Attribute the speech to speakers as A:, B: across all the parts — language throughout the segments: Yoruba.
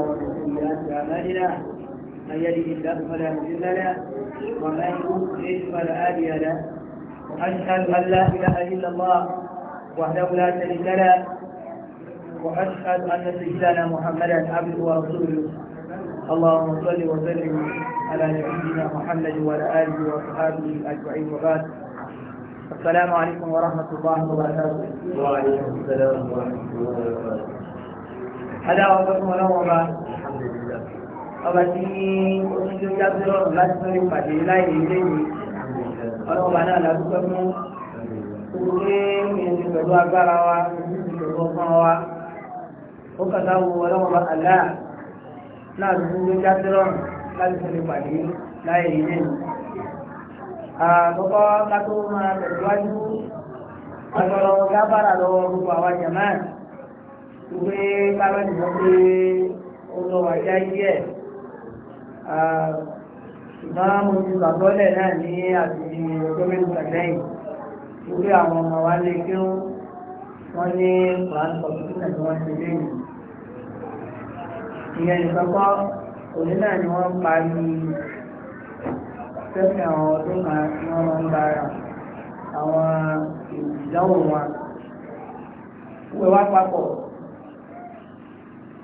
A: وسيئات أعمالنا من يهده الله فلا مضل له ومن يضلل فلا هادي وأشهد أن لا إله إلا الله وحده لا شريك له وأشهد أن سيدنا محمدا عبده ورسوله اللهم صل وسلم على نبينا محمد وعلى آله وصحبه أجمعين وبعد السلام عليكم ورحمة الله وبركاته وعليكم السلام ورحمة الله وبركاته adáwọ̀ ọgbọ́n ọlọ́wọ́ ọba ọba tí oṣù tó jáde rọrùn láti tó lè pàdé láì ní ilé yìí ọlọ́wọ́ ọba náà làdúgbò fún òṣèré ìrìn pẹ̀lú agbára wa pẹ̀lú ọgbọ́n wa ó kàtà wo ọlọ́wọ́ ọba àlá náà lóṣù tó jáde rọrùn láti tó lè pàdé láì ní ilé yìí. àkọ́kọ́ kátó máa tẹ̀síwájú agbọ̀rọ̀ gábàrà lọ́wọ́ gbogbo àwọn jàmáà pé kámẹ́lì mọ́ pé ó lọ wájá díẹ̀ ṣùgbọ́n mo ti gbàgbọ́lẹ̀ náà ní àtìdí ọjọ́ mẹ́ta lẹ́yìn wípé àwọn ọmọ wa lè kí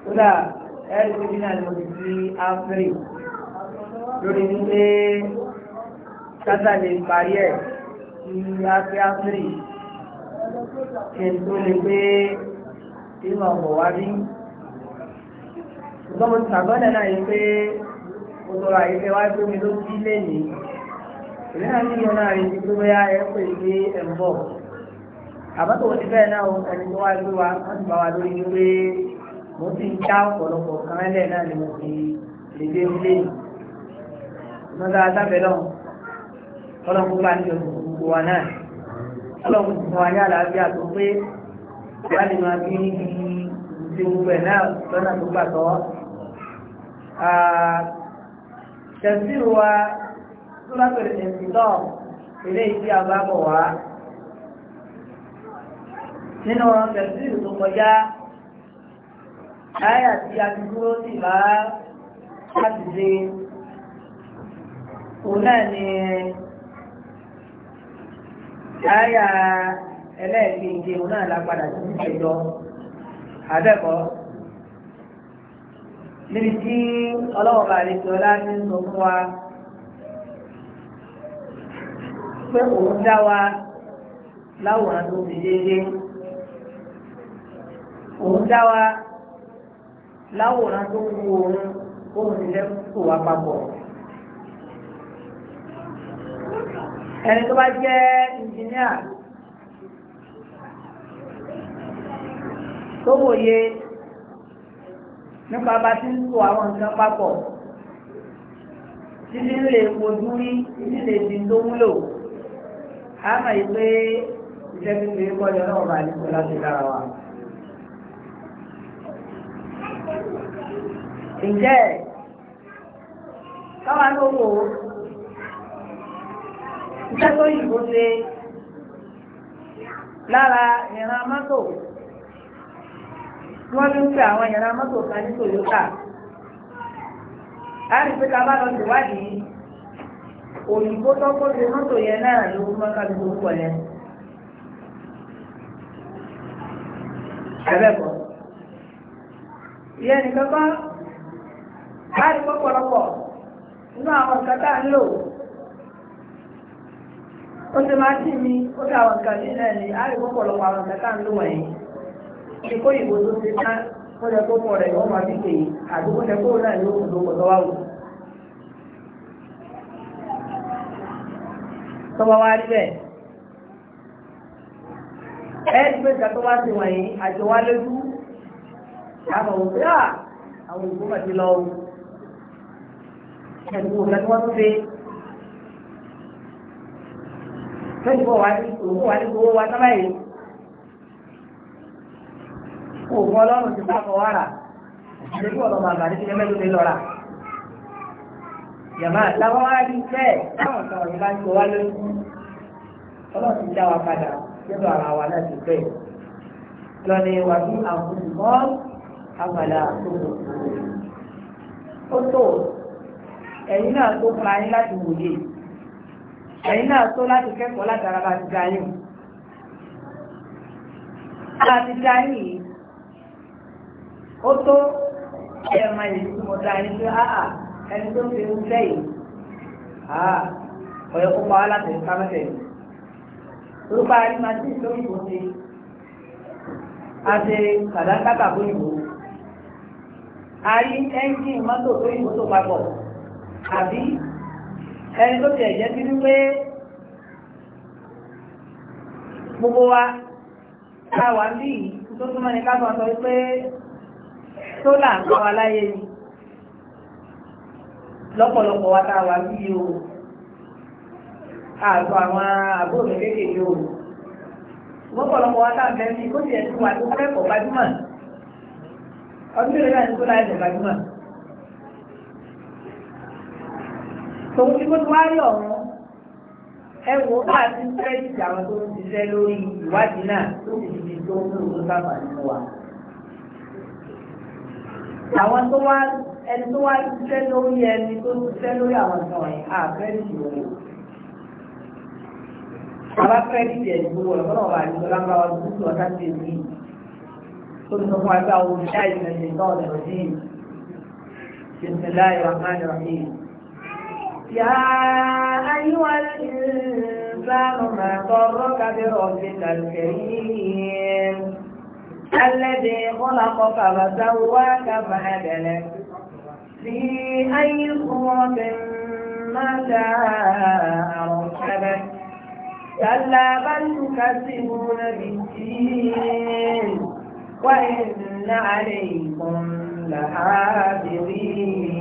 A: kódà ẹ̀rí tó na ló ti lórí wípé parí ẹ̀ kí n tó lè pé ọ̀pọ̀ wá rí ṣùgbọ́n mo ti náà yìí pé mo tọrọ àyíkẹ́ wá gbé mi ló sí lẹ́yìn ìlú náà ní ìyọ̀nà rẹ̀ ti gbé bóyá ẹ pè ní ẹ̀ ń bọ̀ ti bẹ́ẹ̀ náà ẹni tó wá wa wọ́n ti mo ti ń já ọ̀pọ̀lọpọ̀ kan lẹ̀ náà ni mo fi lédè ilé yìí mo dára ọlọ́run bá ní ọdún gbogbo wa náà ọlọ́run fún wa ní àlàáfíà tó pé wá lè máa bí níbi ìṣe náà lọ́nà tó gbà tọ́ tẹ̀síru wa tó lápẹ̀rẹ̀ tẹ̀sí náà eléyìí tí a bá bọ̀ nínú tẹ̀síru tó kọjá Àyà tí a ti dúró sí bá láti ṣe náà ni àyà ẹlẹ́ẹ̀kejì náà la sí ìṣẹ̀jọ àbẹ́kọ̀ọ́. Níbi tí ọlọ́wọ́ bá lè sọ láti sọ pé òun dá wa láwòrán tó ti déédéé. Òun dá láwòrán tó ń wo òun ti fẹ́ tò wá papọ̀. ẹni tó bá jẹ́ ìjìníà tó wòye nípa bá ti ń tò àwọn nǹkan papọ̀ títí ń lè wojú rí títí lè di tó wúlò a mọ̀ yìí pé iṣẹ́ fífi kọ́ ni ọlọ́run bá ní kó láti dára wa. ǹjẹ́ ẹ̀ ló wò ó iṣẹ́ tó yìnbó ṣe lára ìran mọ́tò wọ́n ní ń pè àwọn ìran mọ́tò kan ní Toyota a rí pé ká bá lọ síwádìí òyìnbó tó kó ṣe mọ́tò yẹn náà ló láti pọ̀pọ̀lọpọ̀ nínú àwọn nǹkan tá ń lò ó ti máa tì mí ó ti àwọn nǹkan nínú ẹ̀ ní láti pọ̀pọ̀lọpọ̀ àwọn nǹkan tá ń lò wọ̀nyí ṣe kó ìbò tó ti tán ó yẹ kó pọ̀ rẹ̀ wọ́n máa fi àti kó kó náà pẹ̀lú ọ̀gá tí wọ́n ṣe lóyún bọ̀ wá ní òwò wá ní gbogbo wa sábà yìí òògùn ọlọ́run ti sáfọ̀ wá rà lórí ọ̀rọ̀ màmá ní kílẹ̀ mẹ́lòó lè lọ́ra yàmá làwọn wá rí bẹ́ẹ̀ táwọn kan ọ̀rọ̀ bá ń gbọ́ wá lórí ọlọ́run ti dá wa padà nínú ara wa náà ti bẹ́ẹ̀ lọ́ni wà ní àwọn olùmọ́ àgbàlá tó kù ó tó ẹ̀yin náà tó fún ayé láti wòye ẹ̀yin náà tó láti kẹ́kọ̀ọ́ látara bá ti ga yín bá ti ga yín yìí ó tó ẹ̀ẹ̀mà yìí tí mo da ẹni pé áà ẹni tó fi ń fẹ́ yìí áà ọ̀yọ́ kó pa wá láti ẹ̀ka mẹ́fẹ̀ẹ́ yìí orúkọ ayé máa ti ìlú òyìnbó ṣe àti kàdákàtà tó a rí ẹ́ńjìn mọ́tò tó yìnbó tó papọ̀ àbí ẹni tó ti ẹ̀jẹ̀ ti wípé gbogbo wa ká wà ń bí tó túmọ̀ ní ká sọ wípé tó là ń kọ́ wa láyé ni lọ́pọ̀lọpọ̀ wa tá a wà bí o àtọ̀ àwọn àbúrò mi kéékèèké o lọ́pọ̀lọpọ̀ wa tá a bẹ́ẹ̀ ni kó tiẹ̀ wà tó fẹ́ kọ̀ gbajúmọ̀ ọdún tó lè rà ní kó láyé tẹ̀ gbajúmọ̀. tòun tí kó tó wá ẹ wò ó bá ti ń kírẹ́dìtì àwọn tó ń ṣiṣẹ́ lórí ìwádìí náà tó sì ti tó ń lò ó sábà nínú wa. àwọn tó wá ẹni tó wá ṣiṣẹ́ lórí ẹni tó ṣiṣẹ́ lórí àwọn ìtàn ẹ̀ á kírẹ́dìtì òwò. àbá kírẹ́dìtì ẹ̀ gbogbo ọ̀rọ̀ fọlọ́wọ́ àdìgbò lágbá wa tó tó ọ̀tá ti rí tó ń sọ fún wa pé àwọn olùdá ìrìnàjò náà lọ sí Bismillahir Rahmanir Rahim. يا أيها الإنسان ما غرك بربك الكريم الذي خلقك فسواك فعدلك في أي صورة ما شاء ركبك كلا بل تكذبون بالدين وإن عليكم لحافظين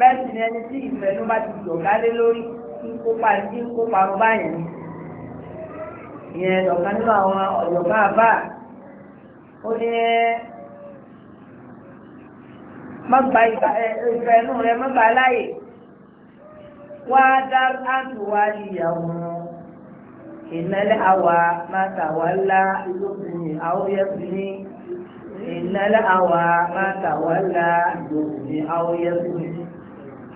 A: bẹ́ẹ̀ sì ni ẹni tí ìfẹ́ ló bá ti dọ̀gá lé lórí kópa tí ń kópa ọba yẹn ìyẹn ọ̀kan nínú àwọn ọ̀jọ̀gbọ́n àbá ó ní ẹ́ mọ́gbà ìfẹ́ inú rẹ mọ́gbà láyè wá dá àtò wá ìyàwó ìnálẹ́ àwà máa tàwa ńlá ìlókùnrin àwòyẹ́kùnrin ìnálẹ́ àwà máa tàwa ńlá ìlókùnrin àwòyẹ́kùnrin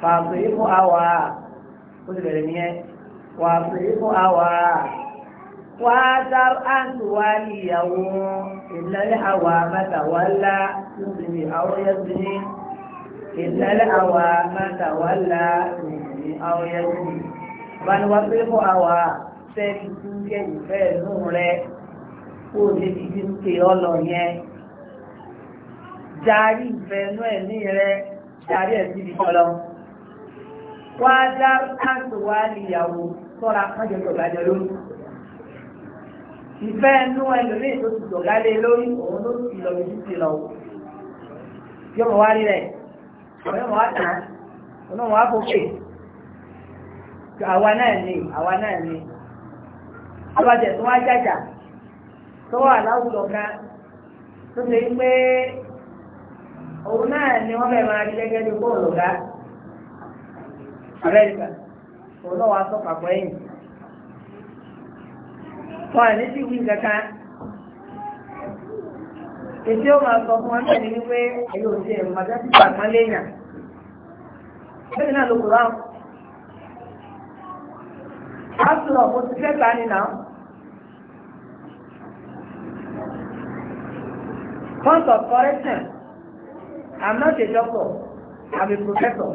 A: fàṣẹ ikú àwà ó ti bẹ̀rẹ̀ nìyẹn fàṣẹ ikú àwà wà á ìyàwó ìlẹ́lẹ́ àwà mẹ́ta wá àwòyẹ sí ní àwà mẹ́ta wá àwòyẹ sí bani wá pé fún àwà fẹ́ẹ́ fi kẹ́ ìfẹ́ nù rẹ kó o lè fi ké ọlọ yẹn jaari ìfẹ́ nù ẹ̀mí rẹ jaari ẹ̀ síbi kọlọ́mù wá dá káńtì wá níyàwó sọ́ra kánjọ jọ̀gájọ lórí. ìfẹ́ inú ẹlòmíì tó ti jọ̀gálé lórí òun ló ti lọ ibi ti lọ. yóò mọ̀ wá rí rẹ̀ àwọn yóò mọ̀ wá tàn án òun náà wọ́n á fòkè. àwa náà ni àwa náà ni. àbájẹ̀ tó wá jàjà tó wà láwùjọ kan tó ṣe pé òun náà ni wọ́n fẹ́ máa rí gẹ́gẹ́ bí bóòlù ká. amẹ́ríkà òun náà wà sọ pàpọ̀ ẹ̀yìn wọn àní sí wí kankan èsì ó máa sọ fún wọn tẹ̀lé wípé ẹ̀yìn òsì ẹ̀rù màdá sí pàpọ̀ léèyàn bẹ́ẹ̀ náà ló kù láwọn. After all, mo ti fẹ́ gbani náà. Point of correction, I'm not a doctor, I'm a professor.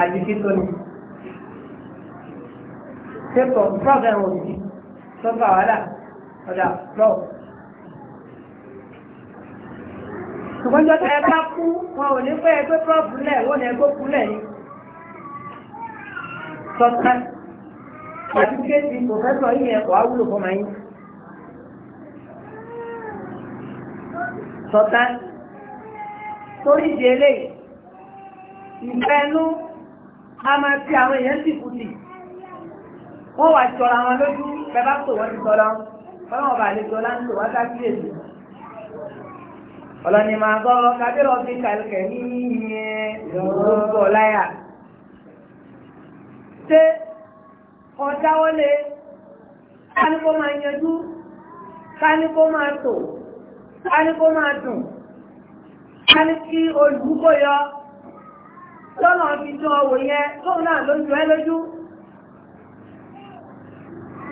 A: àti títọ́ ni. Ṣékọ̀ prọ́f ẹ̀wọ̀n òdì tó bá wà dà ọ̀dà prọ́f. Ṣùgbọ́n jọ́ta ẹ bá kú wọn ò ní pẹ́ ẹgbẹ́ prọ́f lẹ̀ wọ́n ní ẹgbẹ́ kú lẹ̀ ni. Sọ́tà àti kéèsì pòfẹ́sọ̀ yìí ẹ̀kọ́ àwúlò fọmọ yín. Sọ́tà torí di eléyìí ìfẹ́ nú a máa ti àwọn èèyàn sì kú sí wọ́n wà jọra wọn lójú bẹ́bá tó wọ́n ti tọ́lọ́ fọ́nà ọba àlejò ọlá ń tò wá sákìlì èdè ọlọ́ni máa gbọ́ kábírọ̀ fi kàlùkẹ́ ní ìyẹn ìrọ̀lọ́gbọ̀ ọláyà ṣé ọ̀dáwọ́lé káníkó máa yanjú káníkó máa tò káníkó máa dùn káníkí olùkó yọ. tọ́nà fi tún ọwụ ya tóun náà lójú ẹ lójú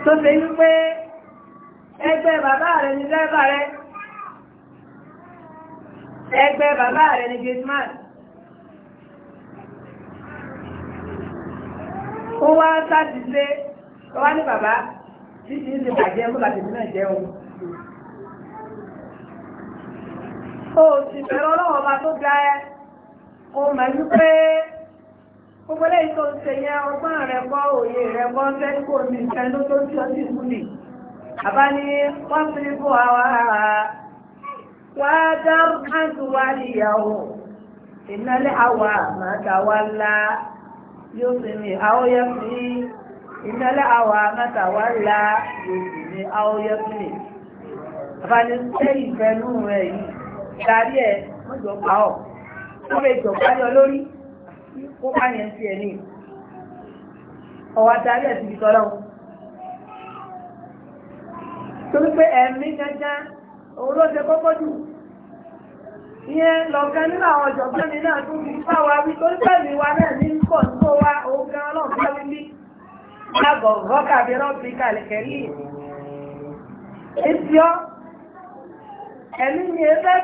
A: tó wípé ẹgbẹ́ bàbá rẹ̀ ní dẹ́bà rẹ̀ ẹgbẹ́ bàbá rẹ̀ ní gateman ó wá sátidé ó wá ní bàbá títí ní bàjẹ́ mú bàtẹ̀ sí náà ó o mọ̀ ní pé gbogbo lẹ́yìn tó ń ṣe yẹn ọgbọ́n rẹ̀ gbọ́ òye rẹ̀ gbọ́ sẹ́kò ní ìṣẹ́lú tó ti ọ sí ìmúlì àbá ní wọ́n fi bó àwa wá dá áńtù wá níyàwó ìnálẹ́ àwa màdà wá ńlá yóò sì ní àwòyẹ fi ìnálẹ́ àwa màdà wá ńlá yóò sì ní àwòyẹ fi àbá ní sẹ́yìn fẹ́nu rẹ̀ yìí darí ẹ̀ mọ́jọ́ pa ọ́. wọ́n fẹ́ jọ̀gbá yọ lórí kó bá yẹn ẹ̀ ní ọ̀wá darí ẹ̀ torí pé ẹ̀mí gángan òun ṣe kókó jù ìyẹn lọ̀kan nínú àwọn ọ̀jọ̀gbọ́n mi náà tún fi fá torí pé wa ní pọ̀ tó wa òun gan kàlẹ̀kẹ́ yìí ẹ̀mí mi ẹ fẹ́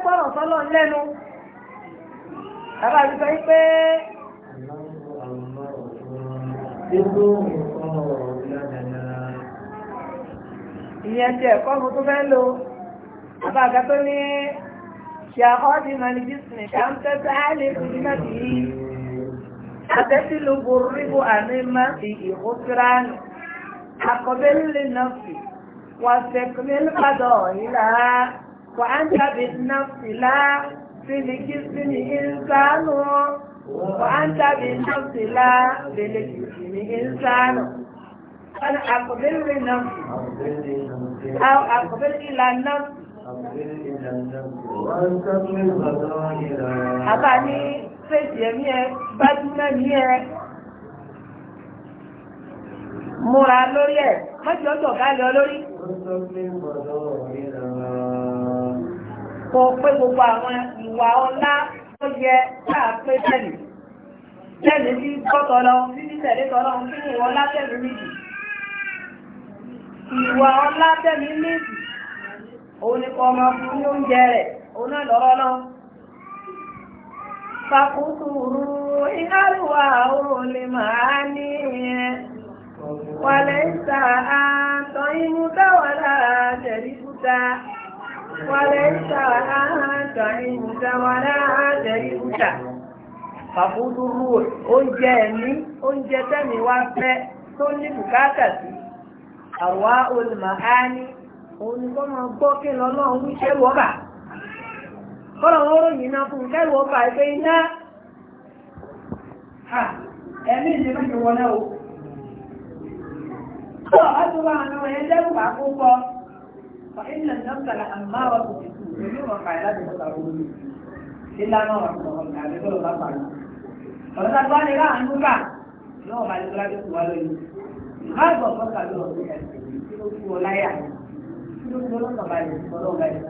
A: bàbá mi sọ pé. ìyẹn ti ẹ̀kọ́ ọmọ tó fẹ́ lò bàbá àga tó ní ṣe ọ́dí mọ̀lẹ́bísìnì ká ń tẹ́tẹ́ àìlè fìdí náà sí i. àtẹ́sí ló borí bó àmì máa fi ìhó tiránù akọ̀bẹ́lẹ̀ náà fi wọ́n fẹ́ kọ́mẹ́lẹ́ padà ọ̀yìn láà wọ́n á ń jáde náà fi láà sílìkì sílì ìsánù wọ́n tàbí nọ́ọ̀sìlá sílìkì sílì ìsánù. Wọ́n àkọ́bí rí náà. Àkọ́bí ìlànà. Àbá ní fèsì ẹ̀mí ẹ, gbájúmọ́ ní ẹ. Múra lórí ẹ̀, mọ́jọ́ tó bá lọ lórí. Wọ́n kò pé gbogbo àwọn ìwà ọlá tó yẹ káà pé tẹ̀lé tẹ̀lé sí gbọ́tọ̀ lọ títí tẹ̀lé kí ìwà ọlá tẹ̀lé méjì ìwà ọlá tẹ̀lé méjì òun ni kò ọmọ fún ní oúnjẹ rẹ̀ òun náà lọ́rọ́ náà fàkúkúrú ìhárùwà وليس لها تعيش ولا تريد fàbúrú rú oúnjẹ ẹ̀mí oúnjẹ tẹ́mi wá fẹ́ tó ní bùkátà sí àwa olùmọ̀háání òun ni kọ́ máa gbọ́ kí lọ náà ń wíṣẹ́ wọ́bà kọ́lọ̀ náà fún ọba فإن النفس لأمارة بالسوء ومن وقعلات تتعبون إلا ما رحمه الله تعالى يقول الله تعالى فإذا قال لا أنك yóò máa lè gbájú tó wá lóyún ìbáàgbọ̀ fọ́kà lọ sí ẹ̀sìn tí ó kú ọ láyà tí ó kú ọlọ́kàn balẹ̀ ọlọ́run balẹ̀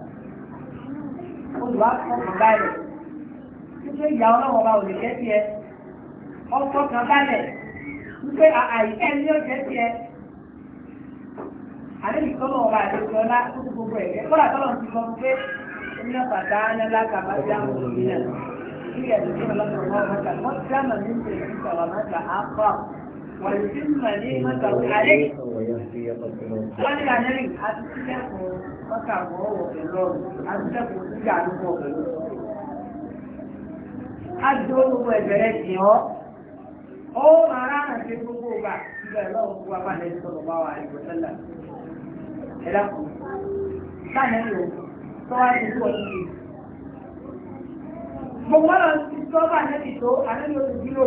A: olùwàkọ̀ọ̀kan balẹ̀ wípé ìyá ọlọ́wọ́ bá òlè jẹ́ tiẹ̀ ọkọ̀ọ̀kan balẹ̀ wípé àìsẹ́ ní ó àdébì tọ́lọ̀ ọba àdébìtọ́ ńlá ó ti gbogbo ẹ̀gẹ́ kọ́lá tọ́lọ̀ ti sọ pé iná bàtà ńlá kàbá sí àwọn ya ilé ẹ̀dùn tó lọ́sọ̀ wọn mọ́ta wọ́n ti dáná ní ìṣẹ̀lẹ̀ nípa wà mọ́ta àpá wọ́n ti mọ̀ a gbogbo gbogbo e kan sáàmì ìlú tó wá ní ìlú ọdún mo wọ́n lọ sí sọ́ọ́bà nẹ́bì tó àlẹ́bí oṣù kílò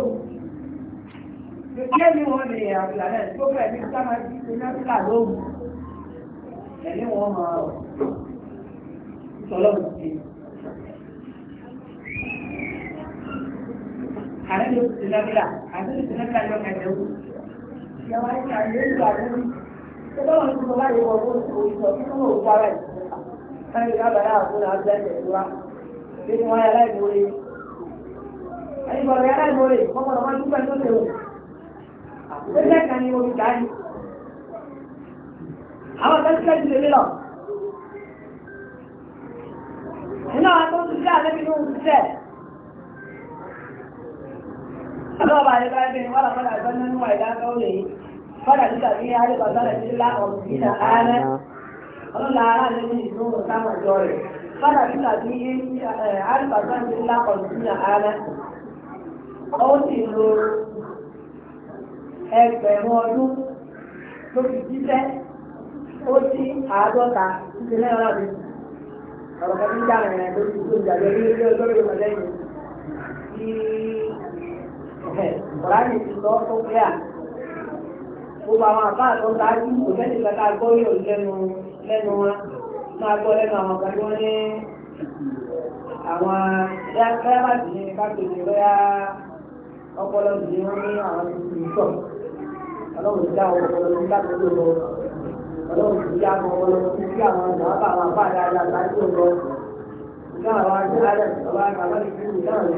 A: kí ẹni wọn lè àbùlà náà tó bẹ̀rẹ̀ ní sáma ti wọn
B: máa oṣù
A: oṣù ìyàwó Ìjọba ní kò láyé wọ tó náà gbára ìṣòro. ni omi kàá Àwọn akẹ́kọ̀ọ́ ti lè lọ. Nínú àwọn tó ń àlẹ́bí ló ń ṣiṣẹ́. Ọlọ́ọ̀bà àyẹ̀bá ẹgbẹ́ ni wọ́n làkọ́lá ìbọn nínú àìdá kọ́dà nígbà tí àríwá sọ́dà sí láwọn ìdá ààrẹ ara ní ìlú sáwọn rẹ̀ kọ́dà nígbà tí àríwá sọ́dà sí láwọn ìdá ààrẹ ó sì lo ẹgbẹ̀rún ọdún tó fi jíṣẹ́ ó sí àádọ́ta lẹ́yìn ọ̀rọ̀ mi ọ̀rọ̀ kan ti tó à. gbogbo àwọn àbá àtọ́ sáájú kò fẹ́ nípa ká gbọ́ yóò lẹ́nu lẹ́nu wọn máa gbọ́ lẹ́nu àwọn kan tí wọ́n ní àwọn dáyàbàtì ní kápẹ́lì lọ́yà ọpọlọ ní wọ́n ní àwọn ìṣọ̀ ọlọ́run ti àwọn ọpọlọ ní kápẹ́lì lọ ọlọ́run ti dá àwọn ọpọlọ ní kí àwọn àbá àwọn àbá dáadáa láti lọ ìgbà àwọn àti alẹ́ ọba àgbà ní ìlú náà ní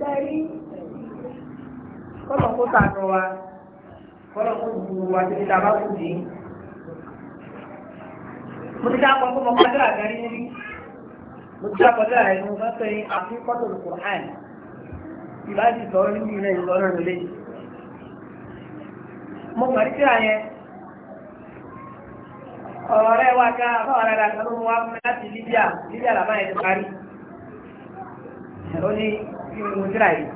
A: tẹ́rí kọ́lọ̀ kó sànù wa kọ́lọ̀ kó ju wa títí tá a bá kù dé. mo ti dákọ̀ fún ọmọ kọ́lá àgbáyé níbí mo ti dákọ̀ lọ́la ẹ̀ mo fẹ́ sẹ́yìn àfikọ́ tó lù kùrán ìbáàdì sọ̀rọ̀ nínú ilé ìlọ́rọ̀ lólè. mo pàdé síra yẹn ọ̀rọ̀ rẹ̀ ká fáwọn ará rà kan fún mi láti Libya Libya làbáyé ti parí. ó ní kí ni mo tíra yìí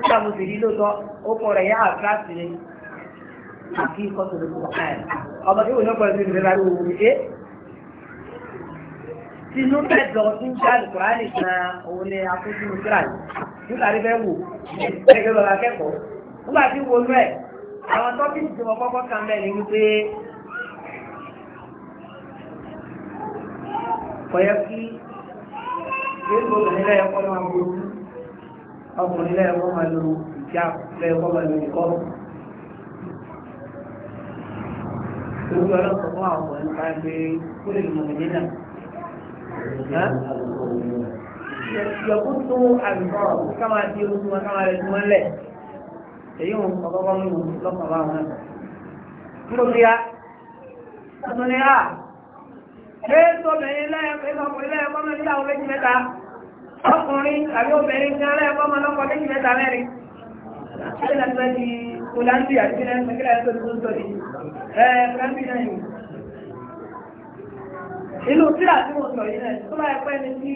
A: ó sàmù sí ní lóòótọ́ ó kọ rẹ̀ yá àtúrásì ni àti ikọ̀ tó lè kó ọmọ tí wọ́n yọ pẹ̀lú ìrìnlẹ̀ láti wò wípé tinú mẹ́jọ tí ń jáde kùránì gan òun ni akójú tíra yìí nígbà tí fẹ́ wò ẹgbẹ́ lọ́la kẹ́kọ̀ọ́ nígbà tí wo lú ẹ̀ àwọn tọ́pìnì tí mo kọ́kọ́ kan bẹ́ẹ̀ ni wípé kọ̀yẹ́ kí yóò tó lónìí lẹ́yìn kọ́ máa burú ọkùnrin lẹ́yìn kọ́ máa lo ìjà lẹ́yìn kọ́ máa lo ìkọ́. Olúwa lọ sọ fún àwọn ọkùnrin ká gbé kúlè lùmọ̀ ní náà. Yọ̀kú tó àgbọ̀ ká máa di ojú wọn ká máa rẹ̀ jùmọ̀ lẹ̀. Èyí wọn kọ̀ kọ́kọ́ mú lọ́kàn bá wọn náà. Kéésọ̀bìnrin lẹ́yẹ̀kọ́ mẹ́rin láwọn méjì mẹ́ta, ọkùnrin àbí obìnrin ní alẹ́yẹ̀kọ́ mọ́ lọ́kọ̀ méjì mẹ́ta mẹ́rin. Ṣé ìlànà ti Kòláńdì àti Nàìjíríà tó tó tó di? Ẹ Kòláńdì náà yìí. Inú tíra tí mo sọ yìí náà, tó bá yẹ pẹ́ ni tí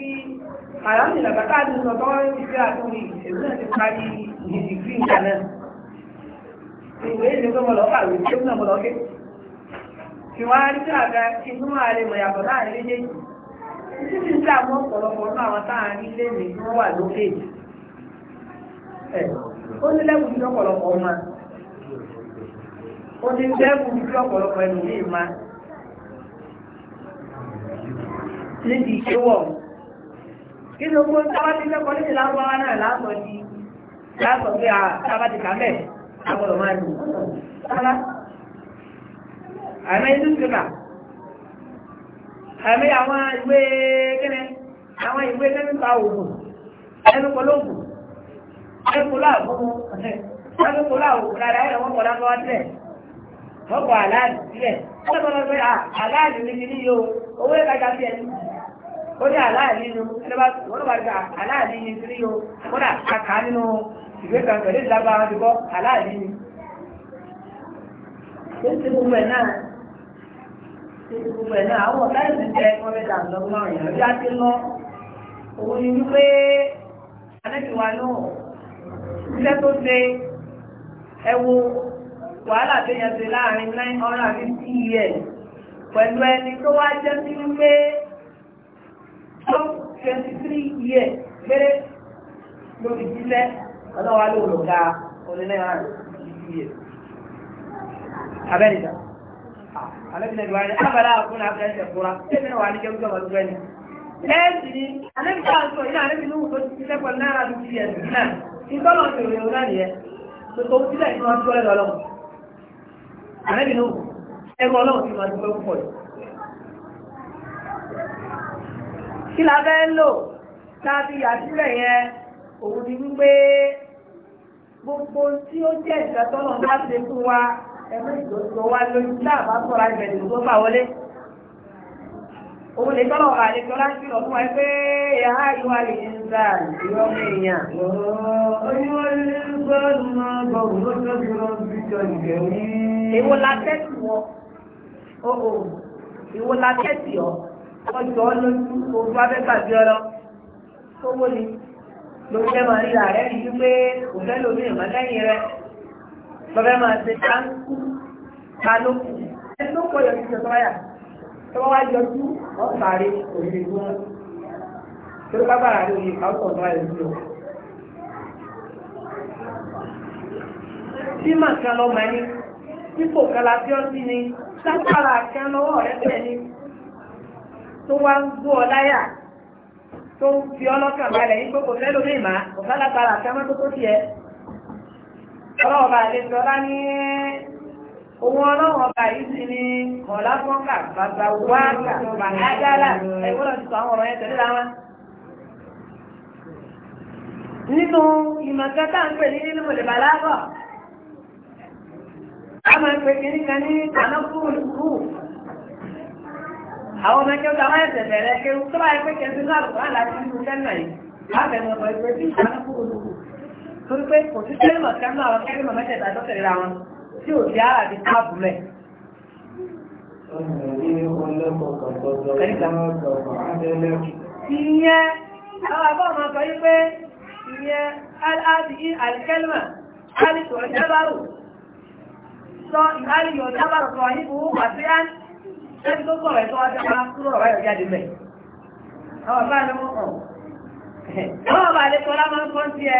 A: àyàmì ìlàbàtà àti ìsọ̀tọ́ ìfẹ́ àtúnrí ìṣèlú náà ti parí ìdìgírí ìjà náà. Ìwé ìdíkọ́ mọ́ lọ́ọ́ ìwárí tí àga inú ààrẹ mọ̀ bụ naanị méjèèjì títí isi ń dààmú ọ̀pọ̀lọpọ̀ nínú àwọn táàrin ilé mi tí wọ́n wà lókè ó ní lẹ́bùn tí ọ̀pọ̀lọpọ̀ ma ó ní lẹ́bùn tí ọ̀pọ̀lọpọ̀ ẹnu ní ìma níbi ti fẹ́ kọ́ níbi lágbára náà lásọ̀ di lásọ̀ pé ah, àmì newspaper àmì àwọn ìwé kíni àwọn ìwé kẹ́míkà òògùn ẹnu kọ́ lóògùn ẹnu ní kíní yóò owó sí ẹni wọ́n bá kàkà nínú ìwé kan pẹ̀lú ìlágbára ti kọ́ aláàdì Ó ti gbogbo ẹ̀ náà gbogbo ẹ̀ náà àwọn ọ̀tá ìsìn jẹ́ kọ́lẹ́dà lọ́gbọ́n èèyàn bí a ti lọ òun ni wípé anẹ́tìwá náà iṣẹ́ tó ṣe ẹ wo wàhálà tó yẹn ṣe láàrin nine hundred and fifty years pẹ̀lú ẹni tó wá jẹ́ sí wípé tó twenty three years péré lórí jíṣẹ́ ọlọ́wà ló lò ga onílẹ̀ àrùn alẹ́bìnrin ìgbà ni abala fún abẹ́rẹ́ ìṣẹ̀kúra tẹ́lẹ̀ wà ní kẹ́kọ̀ọ́ bá gbẹ́ni. lẹ́yìn ní alẹ́bìnrin àtọ̀ iná alẹ́bìnrin ló ń tó ti lẹ́kọ̀ọ́ náírà tó ti yẹn sílẹ̀ ìtọ́lọ̀ ìròyìn òun náà nìyẹn tó sílẹ̀ ìfún ọjọ́ ẹ̀rọ ọlọ́run. alẹ́bìnrin ẹ̀rọ ọlọ́run ti máa dúpẹ́ púpọ̀ yìí. kí la fẹ́ lò láti àtúlẹ̀ yẹn òun ni wípé gbogbo tí ó jẹ́ ìgbà tọ́lọ̀ láti fún wa ẹgbẹ́ ìdòdò wa lójú láàbá sọ̀rọ̀ àgbẹ̀dẹ̀ tó fà wọlé. Òun lè tọ́lọ̀ àlejò láti lọ fún wa pé ìyá ìwà lè ń dà ìwọ ọmọ èèyàn. Oyún olùgbọ́n máa gbọ̀rù ló tó ọ? Ọjọ́ lójú ojú abẹ́ tàbí ọlọ. Owó ni lórí ẹ̀ máa rí ààrẹ yìí pé kò lómi ìmọ̀lẹ́yìn rẹ̀ bàbá máa ṣe táǹkù kálókù ẹni tó kọ yọjú ìjọba yà tó bá wá yọjú wọn sáré òyìnbó tó wọn tó bá bàrà rẹ òye káwọn tó wá yọjú lọ. bí màkà lọ mọ ẹni dípò kala tí ó ti ní sápàlà kan lọ́wọ́ rẹ bẹ́ẹ̀ ni tó wá ń gbó ọ láyà tó ń fi ọlọ́kàn balẹ̀ yín pé kò fẹ́ lómi ìmá kò fẹ́ lágbára kan mọ́tò tó tiẹ̀ ọlọ́ọ̀bà àdéjọlá ní owó ọlọ́ọ̀bà yìí sí ní mọ̀láfọ́nkà bàbá wá bàbá ágálà ẹgbọ́dọ̀ ti sọ àwọn ọ̀rọ̀ yẹn tẹ̀lé láwọn. nínú ìmọ̀kan tá à ń pè ní nínú ìlú balábọ̀ a máa ń pè kiri kan ní anáfóòlù àwọn ọmọ ẹgbẹ́ táwọn ẹ̀sẹ̀ bẹ̀rẹ̀ kéwù tó bá yẹ pé kẹsì náà lọ́wọ́ àlàáfíà ìlú kẹ́ńtà yìí láti ẹnu torí pé kò sí kẹ́rìmọ̀ kan náà àwọn kẹ́rìmọ̀ mẹ́tẹ̀ẹ̀ta tó tẹ̀lé ra wọn tí ò sí ara di káàbù rẹ̀. ìyẹn àwọn àbọ̀ máa sọ wípé ìyẹn aláàbí àlìkẹ́lìmọ̀ alìsò ìjábàrò sọ ìhálìyò ìjábàrò sọ ìbò àti án ẹni tó sọ̀rọ̀ ẹ̀tọ́ ọjọ́ máa kúrò ọ̀rọ̀ ẹ̀rọ jáde mẹ́. àwọn bá ní wọ́n hàn. àwọn bá lè sọ lámọ́ ń kọ́ sí ẹ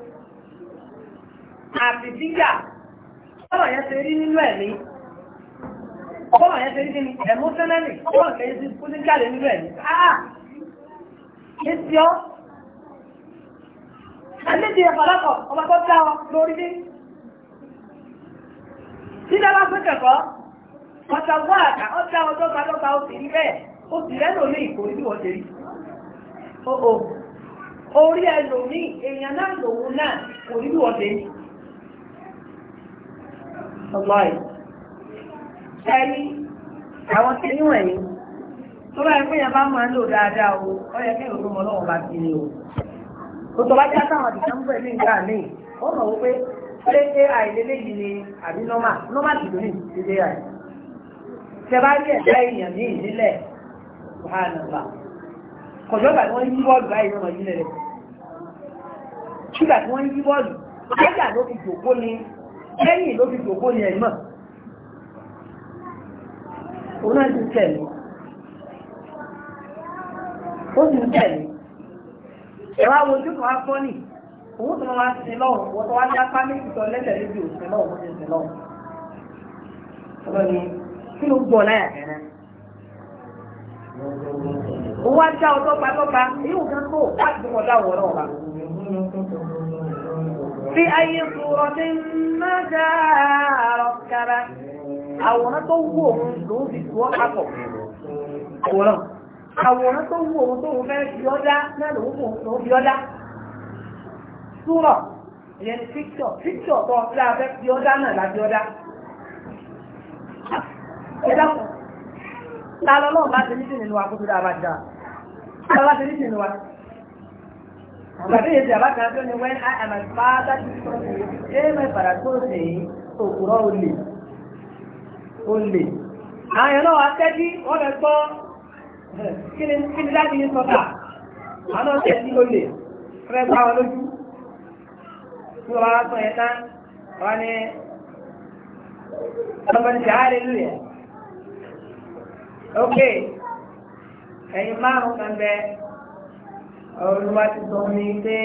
A: àti jíjà bọ́ọ̀ yẹn ṣe rí nínú ẹ̀mí bọ́ọ̀ yẹn ṣe rí nínú ẹ̀mọ́sẹ́lẹ́nì bọ́ọ̀ yẹn ṣe kú ní jáde nínú ẹ̀mí áà ní sí ọ́ àlejò ẹ̀fọ́lọ́kọ̀ ọba tó dá ọ lórí ní jíjà bá fún kẹ̀kọ́ ọ̀sà wọ́ àgbà ọ̀sà ọjọ́ gbàdọ́gba ó sì rí bẹ́ẹ̀ ó sì rẹ́nu ní ìkórè bí wọ́n ṣe rí orí ẹlòmíì èèyàn náà lòun náà kò rí bí wọ́n ṣe rí ọlọ́ọ̀ì ẹni àwọn tí ní wọ̀nyí tó bá yẹ yẹn bá máa lò dáadáa o ó yẹ kí ìrònú ọlọ́wọ́ bá ti ní o kò tó bá já sáwọn àdìsá ń bẹ̀ ní ìgbà míì ó mọ̀ wípé ṣé ai ni àbí nọ́mà nọ́mà dìbò ní ìdílé ai tẹ bá rí ẹ̀dá èèyàn ní ìdílẹ̀ wàhánàlá kọ̀jọ́gbà ni wọ́n yí bọ́ọ̀lù báyìí lọ́mọ ìdílé rẹ̀ ṣúgbà tí wọ́n yí bọ́ọ̀lù ṣúgbà ló fi jòkó ni lẹ́yìn ló fi gbogbo ní ẹ̀mọ́ òun tó máa ṣe lọ́wọ́ wọ́n tó wá ní apá méjì òṣèlú lọ́wọ́ lọ́wọ́ ọlọ́ni kí ló gbọ́ láyà já pa èyí ò gán tó láti بأي صورة ما جاء ركبه àwòrán tó wù òun ló fi wọ́ papọ̀ àwòrán àwòrán tó wù òun tó wù fẹ́ fi ọ́dá náà lòun kò lòun fi ọ́dá súrọ̀ ìyẹn ni píkṣọ̀ píkṣọ̀ tó ọ̀fẹ́ afẹ́ fi ọ́dá náà láti ọ́dá ẹ̀dá kan ta lọ́lọ́run bá ti ní sí nínú wa kó tó dáa bá dáa ta lọ́lọ́run bá ti ní sí nínú wa Kabir Jabata tó ni when I am a father to somebody, ṣé mi padà tó ṣe yìí òkúrọ̀ olè? Olè. Àwọn èèyàn náà wá tẹ́tí, wọ́n lè gbọ́ kí ni kí ni láti ní sọ́tà. Àwọn náà tẹ̀sí olè, fẹ́ gbá wọn lójú. Tí wọ́n bá sọ yẹn tán, wọ́n ní ọlọ́gbọ́n ti ṣáà lù yẹn. Ok, ẹ̀yin márùn-ún kan bẹ́ẹ̀ ọ̀rọ̀ ló wá ti sọ ní pé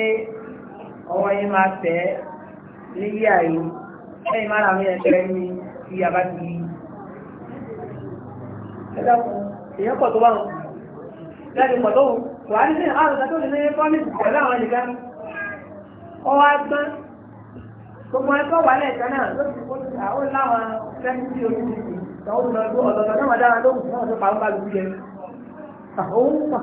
A: ọwọ́ yín máa tẹ̀ ẹ́ níyí àyè lẹ́yìn má làwọn yẹn tẹ̀ ní iye àbá ti yí. ẹ dákun èèyàn pọ̀ tó bá wọn lẹ́yìn pọ̀ tó wọn kò á ní sẹ́yìn àrùn tó lè ní pọ́lìsì pẹ̀lú àwọn nìkan ọwọ́ agbọ́n gbogbo ẹ̀kọ́ wà lẹ́ẹ̀kan náà ló ti kó àwọn láwọn fẹ́ẹ́ sí oríṣiríṣi ìtàn ó lọ ọ̀dọ̀ọ̀dọ̀ náà wà dára lóhùn náà tó pa ó bá lù ú jẹ. àwọn ohun pọ̀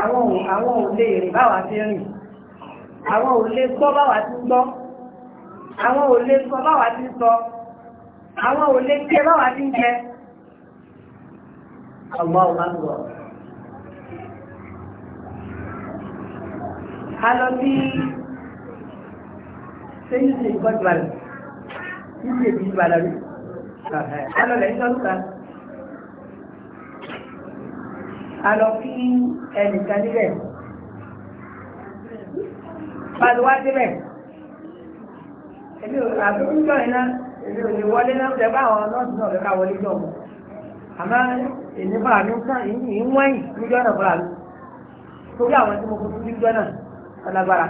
A: àwọn àwọn ò lè rìn báwa ti rìn àwọn ò lè gbọ́ báwa ti gbọ́ àwọn ò lè sọ báwa ti sọ àwọn ò lè jẹ báwa ti jẹ ọgbọ́n ọba ń bọ̀. a lọ sí sẹ́yìn sí ìkọ́jú balẹ̀ yíyí èbí balẹ̀ rí a lọ lẹ́yìn sọ́dún kan. a lọ kí ẹnìkan níbẹ̀ pàdùwá síbẹ̀ èmi ò àbúrú jọ iná èmi ò lè wọlé náà tẹ́ bá àwọn nọ́ọ̀sì náà lọ́ka wọlé jọ mọ́ àmọ́ èmi bá àánú sàn ìyìn wọ́nyìn níjọ́ náà bá àánú torí àwọn tí mo kó fún níjọ́ náà ọlágbára.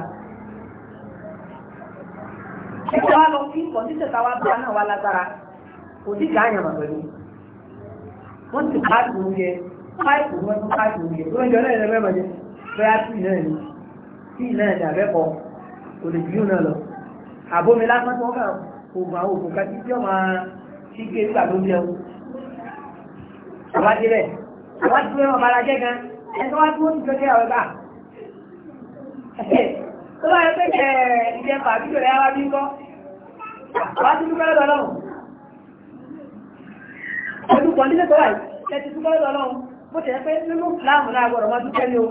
A: Ẹgbẹ́ wa lọ kí kọ̀ǹtíṣẹ̀ ta wá bá náà wá lágbára kò sí ìdáyàmà pẹ̀lú wọ́n ti bá dùn yẹ páìpù wọn tún páìpù yẹn tó ń jọ náà ẹ̀rọ mẹ́rin bẹ́ẹ̀ tíì náà ni tíì náà ni àbẹ́kọ̀ kò lè bí náà lọ àbomi lásán tí wọ́n kà oògùn àwọn oògùn kan tí wọ́n máa ṣí ké nígbà tó jẹun àwájú rẹ̀ àwájú rẹ̀ wọn bára jẹ́ gan ẹ̀sán wá tí wọ́n ti jọ jẹ́ àwọn ẹ̀bà tó bá rẹ̀ wá bó ṣe pé nínú ìsìláàmù náà gbọ́dọ̀ máa dúpẹ́ ní o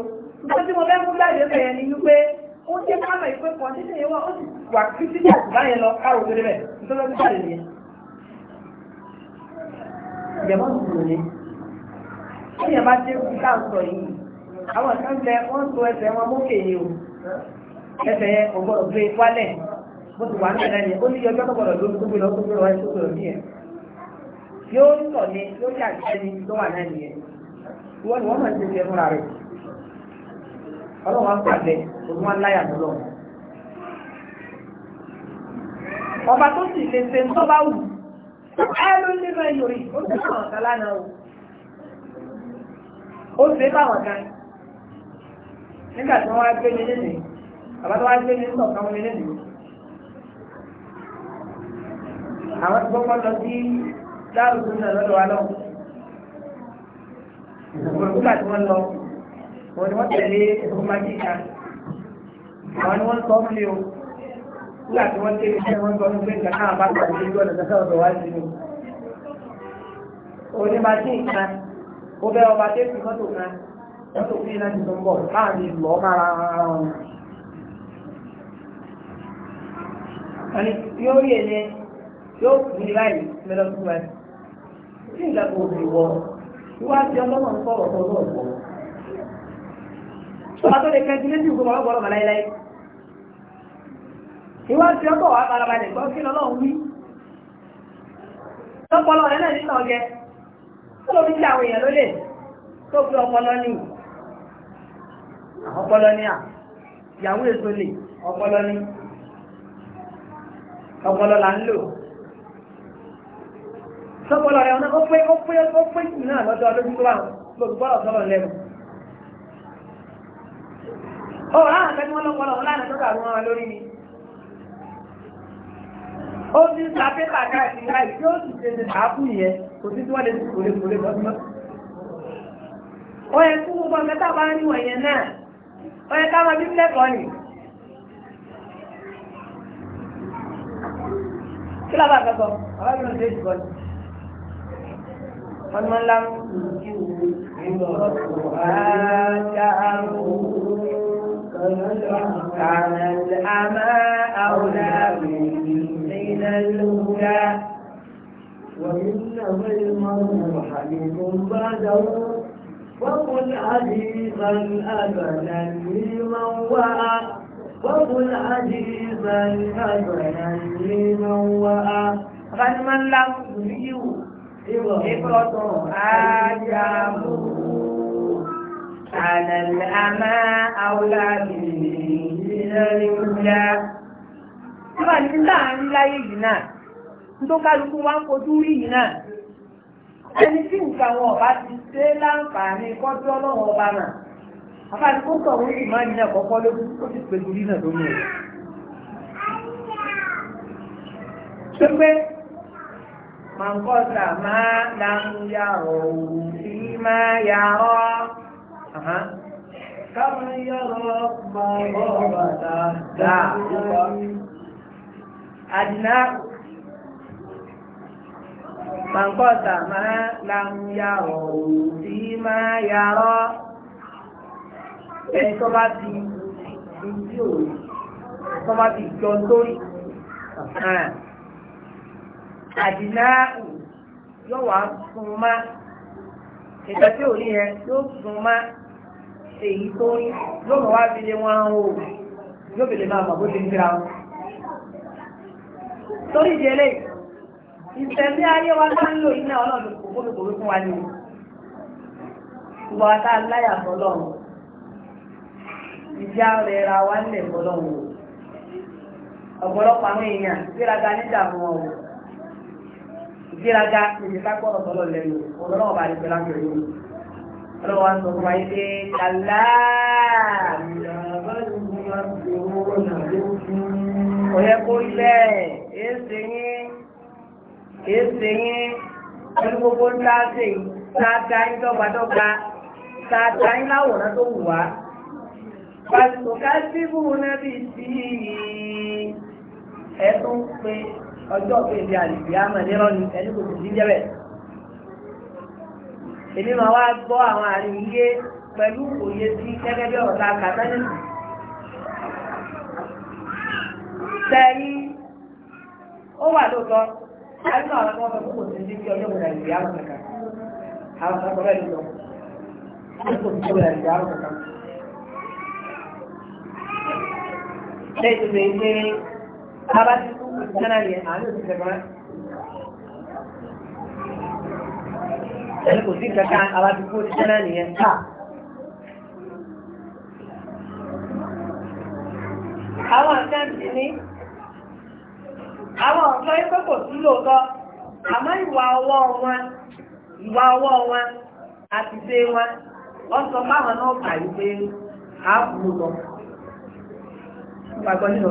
A: nǹkan tí mo fẹ́ mú jáde bẹ̀ yẹn ni wípé ó jẹ́ kámọ̀ ìpé kan nínú ìwọ ó sì wà kí sí ìjà ìgbà yẹn lọ káwọ òkèlè bẹ̀ nítorí ọdún jáde nìyẹn. ìjẹ̀mọ́ ni bá kí káà ń sọ yìí àwọn kan wọ́n ẹsẹ̀ wọn mókè o ẹsẹ̀ yẹn kò gbọ́dọ̀ gbé wálẹ̀ bó ti wà ní ó ní ọjọ́ wọ́n ni wọ́n máa ń ṣe ṣe fúnra rẹ̀ ọlọ́run á pàṣẹ òun á láyà lọ́lọ́ ọba tó sì lè ṣe tó bá wù ẹ ló lé mọ́ ìyòrì ó sì kàn án lánàá o ó ṣe báwọn kan nígbà tí wọ́n wá gbé ní nílẹ̀ bàbá tó wá gbé ní nílẹ̀ kan ní nílẹ̀ àwọn tí wọ́n kọ́ lọ sí dáàbò tó ń lọ lọ́dọ̀ wa lọ́wọ́ nígbà tí wọ́n lọ wọ́n ni wọ́n tẹ̀lé ìfowópamọ́ kíkà àwọn ni wọ́n sọ ọ́ mi o nígbà tí wọ́n tẹ̀lé iṣẹ́ wọn sọ ọ́ pé nǹkan náà bá pàdé lójú ọ̀nà tó sọ̀rọ̀ wá sí mi. òní máa ṣe ó bẹ ọba tẹ́sí mọ́tò kan mọ́tò fún iná tuntun bọ̀ láàrin lọ́ọ́ máa ara wọn. wọ́n yóò rí ẹ̀yẹ yóò kú ní báyìí mẹ́lọ́dún wa sí ìgbà wá sí ọlọ́mọ sọ̀rọ̀ tó lọ́ọ̀ bọ̀. gbọ́ kí lọ́lọ́run wí. Lọ́pọ̀lọ́ rẹ̀ náà nínú Tó ló fi ti àwọn èèyàn lólè tó fi ọpọlọ ní. Ọpọlọ ní à. Ìyàwó èso lè ọpọlọ ní. Ọpọlọ là ń lò sọ́pọ̀lọ́ rẹ̀ ó pé ó pé ó pé jù náà lọ́jọ́ lójú tó láwọn lòdùbọ́lọ̀ sọ́lọ̀ lẹ́nu. ó láwọn akẹ́kọ̀ọ́ wọn lọ́pọ̀lọ́ wọn láàrín sọ́dọ̀ àwọn ọmọ lórí ni. ó ti sa pépà káàkiri láì tí ó sì ṣe àákú yẹn kò sí tí wọ́n lè kò lè kò lè lọ́dún mọ́. ó yẹ kú gbogbo ọ̀gá tá a bá ń rí wọ̀nyẹn náà ó yẹ ká máa bí lẹ́kọ̀ọ́ ni. kí lábàá kẹ́kọ̀ọ́ ومن لم كان الأمى أولى من الهدى وإنه المرء حبيب بعده وقل عزيزا أبدا لمن وعى وقل عزيزا أبدا لمن وعى غنما لم يؤ إبرة آجامه على الأمى أولى من الأولى Nígbà ní láàrin láyé yìí náà, tó kálukú wá ń fojú rí yìí náà, ẹni tí nǹkan àwọn ọ̀bá ti ṣe láǹfààní kọjú ọlọ́run ọba náà, àbájú kó sọ̀rọ̀ orí ìmọ̀ ìyẹn kọ́kọ́ lójú ó sì pẹ̀lú rí náà lómi rẹ̀. Pépé mọ̀nkọ́sà máa lámúyà òun sí máa yàrá. Káwọn yọ̀rọ̀ mọ̀ ọ́ bàtà dáa púpọ̀. Àdínà mọ̀nkọ́sà máa lámúyà òun sí máa yàrá. Ẹni tó bá ti ojú òun, tó bá ti jọ lórí. àdínáàù yóò wá sun má ìgbà tí ò rí yẹn yóò sun má èyí tó rí yóò wá fi wọn o yóò fi lè máa mọ̀ bó ti ń gbéra wọn. torí ayé wa máa ń lò iná ọlọ́run ni ìwà tá ra wa ń o ọ̀pọ̀lọpọ̀ àwọn èèyàn gbéraga nígbà wọn ìgbéraga níbi ká gbọ́dọ̀ sọ́lọ̀ lẹ́nu ọlọ́wọ́ bá nípa láti rí i ọlọ́wọ́ sọ fún wa pé kàlá òye kó ilẹ̀ èsè yín èsè yín pẹ̀lú gbogbo ńlá ṣe sáàtà yín dọ́gbadọ́gba sáàtà yín láwòrán tó wù wá pàṣẹ kò ká sí fún un náà bíi sí ẹ̀sùn ọjọ́ kejì àlìbí àmọ̀ nírọ̀ ni ẹni kò sì jíjẹ́ bẹ̀. èmi máa wá gbọ́ àwọn àrùn yíyé pẹ̀lú òye sí gẹ́gẹ́ bí ọ̀rọ̀ ta kàtánì. sẹ́yìn ó wà lóòótọ́ àìsàn àwọn ọmọ ọmọ kò sì ń jíjẹ́ ọjọ́ kejì àlìbí àmọ̀ kankan àwọn ọmọ bẹ́ẹ̀ ló lọ kò sì jíjẹ́ àlìbí àmọ̀ kankan. lẹ́yìn tó ṣe pé bàbá ti kú canali àádọ́sí kankan
B: ẹni kò sí kankan
A: àwọn àkáǹtì ní àwọn ọ̀sán ẹgbẹ́ kò sí lóòótọ́ àmọ́ ìwà ọwọ́ wọn ìwà ọwọ́ wọn àti ṣe wọn náà kà yí pé lọ.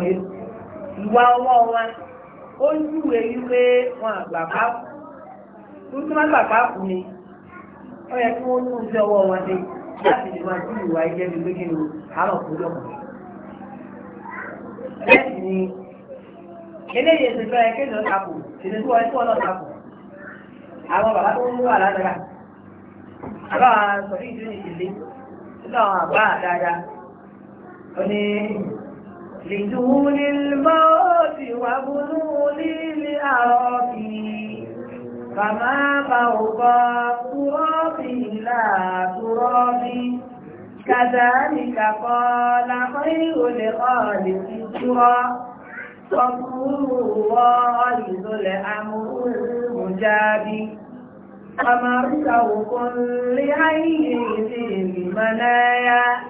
A: ìwà ọwọ́ wọn ó júwe wípé wọn àgbà bá kú tó má gbà bá kú ni ó yẹ kí wọ́n tún jọwọ́ wọn dé láti lè máa júwe wá ẹgbẹ́ mi pé kí ni àárọ̀ kó jọ mọ́. bẹ́ẹ̀ ni eléyìí ètò ìfẹ́ ẹ̀kẹ́ ìjọ takò ìdí tí wọ́n ti wọ́n náà takò àwọn bàbá tó ń wà ládàá àbá sọ̀rọ̀ ìdí ìdílé nígbà àwọn àbá dáadáa ó ní لدون الموت وبنوني الأراضي فما فوضى ترابي لا ترابي كذلك قال خير لخالق الشرى صبور الله ذو الأمر المجاب أمر شوق لعينه المنايا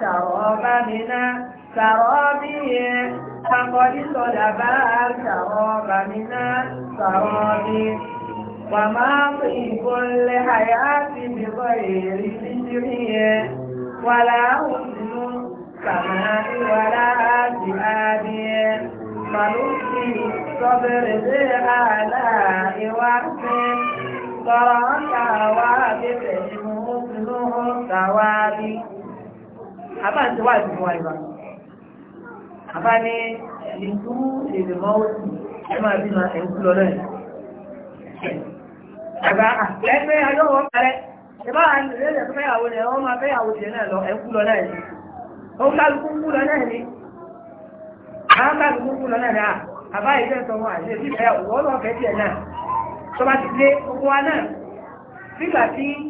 A: شراب من سرابي فقد صلب شراب من سرابي وما طيب الحياة بغير ذكري ولا حسن كماء ولا ذئاب فنسقي الصبر ذي آلاء وحسن تراك وابق حسنه ثوابي àbá ń tẹwà ìdìbò àìbá àbá ní ìlú èdè mọ́wó ẹ máa bí ma ẹ̀ ń kú lọ náà àbá ẹgbẹ́ adọ́wọ́ parẹ́ ìbá àlùlẹ́lẹ̀ fẹ́yàwó rẹ̀ wọ́n máa fẹ́yàwó jẹ náà lọ ẹ̀ ń kú lọ náà ni ó kálukú kú lọ náà ni àwọn kálukú kú lọ náà ni àbá ìjẹ́ sọ wọn àti ẹbí fẹ́yàwó wọ́n lọ fẹ́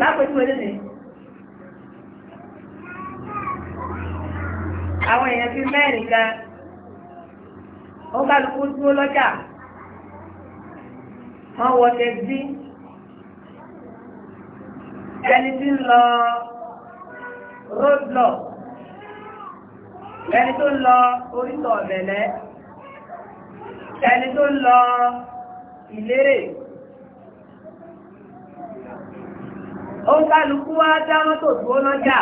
A: lápẹjú ẹlẹ́ ni àwọn èèyàn fi mẹ́rin kan ó kálukú dúró lọ́jà wọ́n wọ tẹ́gbí ẹni tí ń lọ roadblock ẹni tó ń lọ orítọ̀ ọ̀bẹ̀lẹ́ ẹni tó ń lọ ìlérè ó kálukú wá dá mọ́tò dúró lọ́jà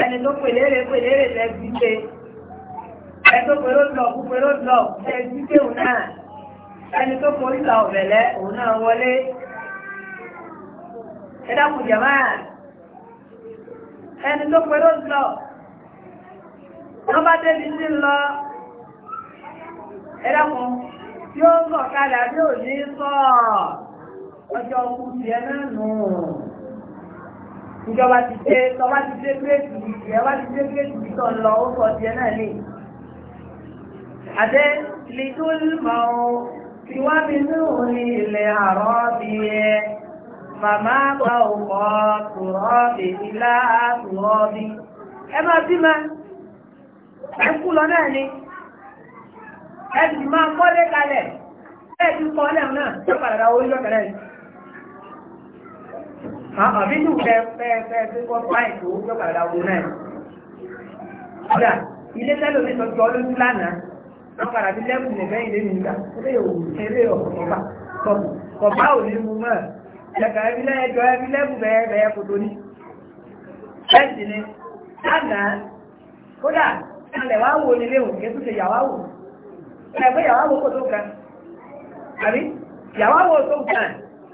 A: ẹni tó pèlérè pèlérè lẹ́bí ṣe ẹni tó pèrò blọọ̀kù pèrò blọọ̀kù lẹ́bí ṣe òun náà ẹni tó forí la ọ̀bẹ̀lẹ́ òun náà wọlé
B: ẹ dákun jàmá
A: ẹni tó pèrò blọọ̀kù wọ́n bá débi sí lọ ẹ dákun yóò sọ̀kalẹ̀ àbí òní sọ̀ọ̀ ọjọ́ ọkù tiẹ̀ náà nù. ìjọba ti dé tọ́ba ti dé gírèsì ìjọba ti dé gírèsì bí tọ́ lọ ó sọ tiẹ̀ náà lè. àdé lidul mọ́ tiwa mi nù ní ilẹ̀ àrọ́ bí ẹ. Màmá bá òkò tùrọ̀ bèbí láà tùrọ̀ bí. Ẹ máa bí ma, ẹ kú lọ náà ni ẹ̀sìn máa kọ́lé kalẹ̀ ẹ̀sìn kọ́lẹ̀ náà tó padà orí lọ́kẹ̀lẹ̀ àbí ní ìfẹ́ fẹ́ẹ́fẹ́ tó kọ́ báyìí tó gbé padà wo náà kódà ilé tẹ́lẹ̀ mi lọ́jọ́ lójú lánàá wọ́n padà bí lẹ́kùn nìfẹ́ ilé mi gbà eré òwò eré ọ̀kọ̀ọ̀bà kọ̀bá ò ní mu mọ́ ẹ̀ka ẹbí lẹ́ẹ̀jọ ẹbí lẹ́kùn bẹ́ẹ̀ bẹ́ẹ̀ kò tó ní. bẹ́ẹ̀ sì ni lánàá kódà alẹ̀ wá wo nílé òun kí tóṣe yàwá wò ẹgbẹ́ yàwá wò kò tó kàn àbí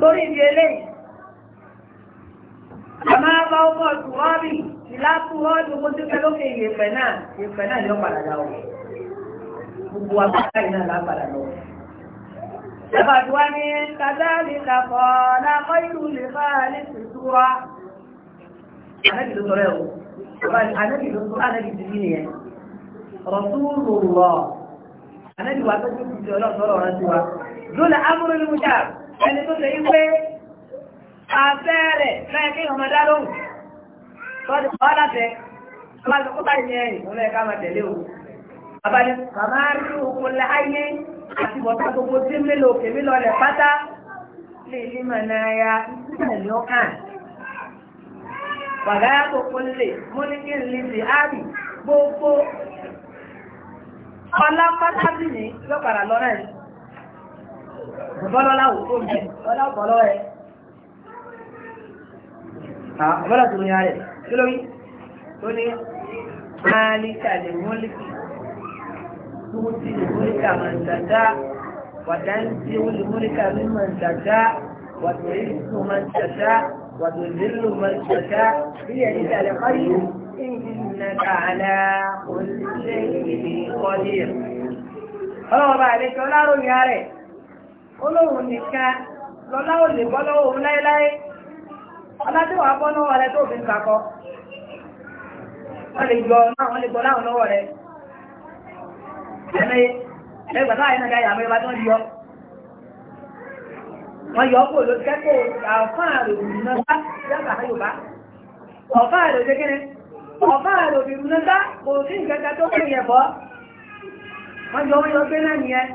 A: torí ìdí eléyìí a máa bá ọkọ̀ tùwárì ìlàkú ọdún kó tí fẹ́ lókè ìyẹ̀fẹ̀ náà ìyẹ̀fẹ̀ náà yọ padà lọ gbogbo agbára yìí náà lágbàdà lọ. Àbàdù wa ni kàdáàlì kàkọ́ lákọ́ ìlú lè bá a lè tètú wa. Ànábì ló sọ rẹ̀ o. Ànábì ló sọ Ànábì ti bí nìyẹn. Rasulullah. Ànábì wa tó kú ti ọlọ́sọ̀rọ̀ rántí wa. Dole amúrú ni mo ẹni tó ṣe wípé abẹ́rẹ̀ lẹ́yìn kí ọmọ dá lóhùn tọ́jú bá dàtẹ́ bá tó kópa ìyẹn ìfún lẹ́yìn ká máa tẹ̀lé o abalẹ̀ màmá rí oko láyé àti bọ̀tà gbogbo tí mélòó kèmí lọlẹ̀ pátá lè ní màná ya ní ọkàn wàgáyà tó kólé mọ́níkì lè ṣe áàbì gbogbo ọlá pátá bì ní lọ́pàá lọ́rẹ́ yìí bọ́lọ́lá wò tó mẹ́ bọ́lá bọ́lọ́ ẹ̀ bọ́lá tó yára ẹ̀ kí ló yí ó ní máàlíkà lè mọ́líkì tó ti lè mọ́líkà máa ń dàdá wàdáńtí ó lè mọ́líkà ló máa ń dàdá wàdùnrínú máa ń dàdá wàdùnrínú máa ń dàdá bí ẹni dàlẹ́ fáyé إنك على كل شيء قدير. Ọlọ́run bá àlejò ọlọ́run ní olóhùn nìkan lọ́lá ò lè bọ́ lọ́wọ́ òun láéláé ọlá tí wàá bọ́ lọ́wọ́ rẹ tó fi gbàkọ́ wọ́n lè gbọ́ láwọn lè gbọ́ láwọn lọ́wọ́ rẹ ẹ̀mẹ́ ẹgbẹ̀ táwọn ẹ̀nà gáyà mẹ́rin bá tó ń yọ wọ́n yọ kó ló kẹ́kọ̀ọ́ ọ̀fán àròbìnrin náà bá yàgbà ayòbá ọ̀fán àròbìnrin kékeré ọ̀fán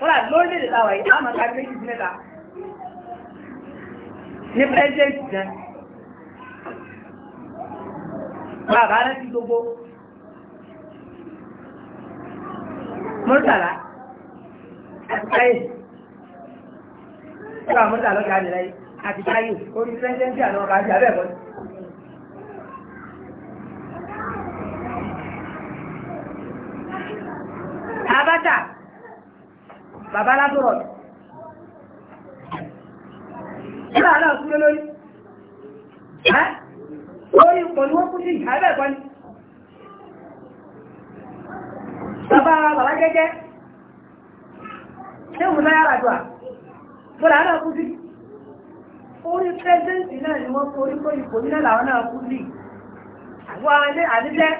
A: kọ́lá lórílẹ̀-èdè táwà yìí àmà ká méjì sí mẹ́ta ní pẹ́jẹ́ǹtì jẹ́ bàbá rẹ̀ ti gbogbo mọ́tàlá àti táyé ṣọ́wà mọ́tàlá lọ́jà nìlẹ́ yìí àti táyé orí pẹ́jẹ́ǹtì àlọ́ ọ̀gá àti abẹ́ẹ̀kọ́ Abata bàbá lásọ̀rọ̀ nígbà náà súnlé lórí lórí ipò ni wọ́n kú sí ìhàbẹ̀ kan ni bàbá bàbá jẹ́jẹ́ ṣé òun náà yára jù bọ́lá náà kú sí orí pẹ́sẹ̀ntì náà ni wọ́n kó orí kó ipò nílẹ̀ náà kú sí àwọn àdílẹ́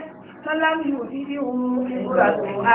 A: sọ́lámù yóò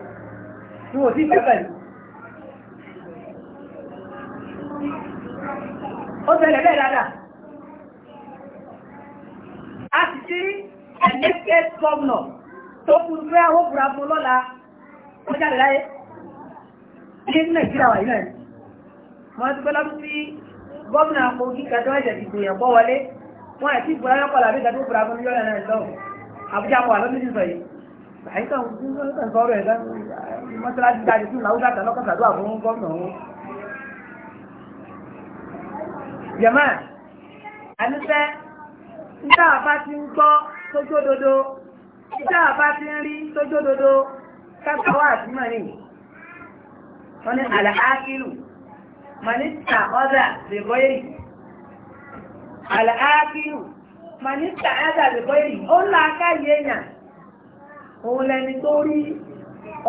A: tí wọ́n sí pẹ́pẹ́ ní. ó tẹ̀lẹ̀ bẹ́ẹ̀ dáadáa. a sì sí ẹ̀lẹ́kẹ́ gọ́ọ̀nà tó kúrú pé àwọn òkúra fún lọ́la ó jáde láyé ní nàìjíríà wà nílẹ̀ wọ́n ti pẹ́ lọ́dún sí gómìnà àpò kíkà tó ẹ̀jẹ̀ ti gbìyàn bọ́ wọlé wọ́n àti ìgbòrò ayọ́kọ̀ làbí ìdájọ́ òkúra fún mílíọ̀nù náà lọ́wọ́ àbújá wà lọ́dún sí sọ yìí àyíká òkú sọ̀rọ̀ ẹ̀ mọ́sálásí dáadé sí làwùjọ àtàlọ́kọ̀ sàdúrà fún gómìnà òun. yẹ̀mọ́ àníṣẹ́ níta àbá ti ń gbọ́ tójó dodo níta àbá ti ń rí tójó dodo kápá wà sí mọ̀ nìyí. wọ́n ní àlàákìlù mọ̀nísà ọ̀dà lè bọ́ yìí. àlàákìlù mọ̀nísà ọ̀dà lè bọ́ yìí. ó ń la ká yéèyàn òun lẹni tó rí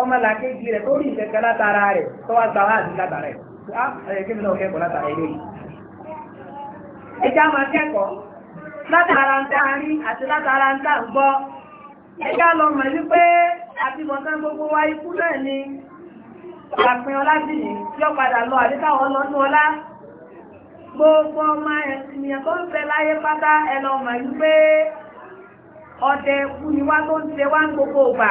A: ọmọ làkejì rẹ̀ tó rí ìkẹ̀kẹ́ látara rẹ̀ tó wá gbà wá àti látara rẹ̀ ah, kí ni náà kẹ́kọ̀ọ́ látara ilé yìí. ẹja máa kẹ́kọ̀ọ́ látara ń dárí àti látara ń dá gbọ́ ẹja lọ mọ̀ ní pé àti mọ̀tán gbogbo wa ikú náà ni àpín ọlá sì ní yọ padà lọ àdékáwọ́ lọ́nú ọlá gbogbo ọmọ ènìyàn tó ń fẹ́ láyé pátá ẹ lọ mọ̀ ní pé ọdẹ kú ni wá tó ń ṣe wá ń gbogbo ògbà.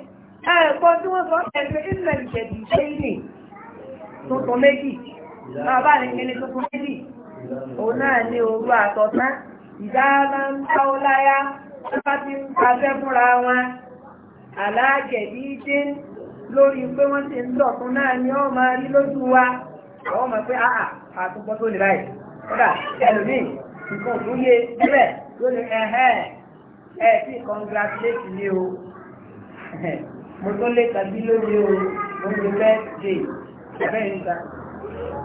A: ẹ̀kọ́ tí wọ́n sọ ẹ̀fẹ́ ilẹ̀ ìjẹ̀dì ṣe ní tuntun méjì máa bá ní kíni tuntun méjì òun náà ní òru àtọ̀tán ìdá máa ń bá ó láyá tó bá ti ń pàṣẹ fúnra wọn aláàjẹ̀dí dé lórí pé wọ́n ti ń dọ̀tún náà ni ó máa rí lójú wa àwọn ọmọ pé àà àtúntò tó lè báyìí kódà ẹlòmíì nǹkan tó yé bẹ́ẹ̀ lónìí ẹ̀hẹ́ ẹ̀ sí congratulate ni o. mo tó lé tàbí lórí o mo ń lo bẹ́ẹ̀dì bẹ́ẹ̀ níta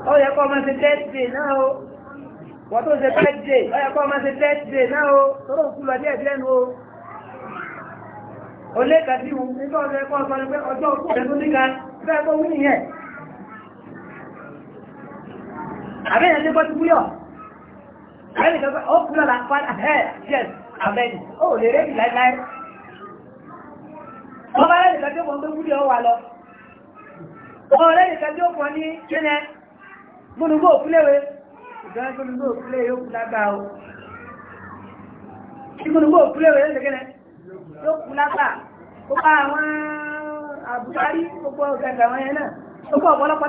A: ó yẹ kó máa ṣe bẹ́ẹ̀dì náà o wọ́n tó ṣe bẹ́ẹ̀dì ó yẹ kó máa ṣe bẹ́ẹ̀dì náà o tó ló ń kú lọ díẹ̀ díẹ̀ nu o olé kàbí wù nígbà ọjọ́ ẹ̀kọ́ ọ̀sán ni pé ọjọ́ òkú rẹ̀ tó níka bẹ́ẹ̀ tó wí nìyẹn àbẹ́yẹn lé bọ́tí wúyọ̀ àbẹ́yẹn lé bọ́tí wúyọ̀ ó kúrọ̀ là ń pa ẹ̀ yes àbẹ́yẹn ó lè rẹ́bì wọ́n bá lẹ́yìn kájọ́ tó kúrì ọwà lọ wọ́n lẹ́yìn kájọ́ kan ní kílẹ̀ gbónúgbó òkúléwé ìgbọ́n gbónúgbó yóò kú o gbónúgbó òkúléwé yóò tẹ́kẹ́lẹ̀ ó bá àwọn àbúkárí gbogbo ọ̀gàgà wọn yẹn náà ó bá ọ̀pọ̀lọpọ̀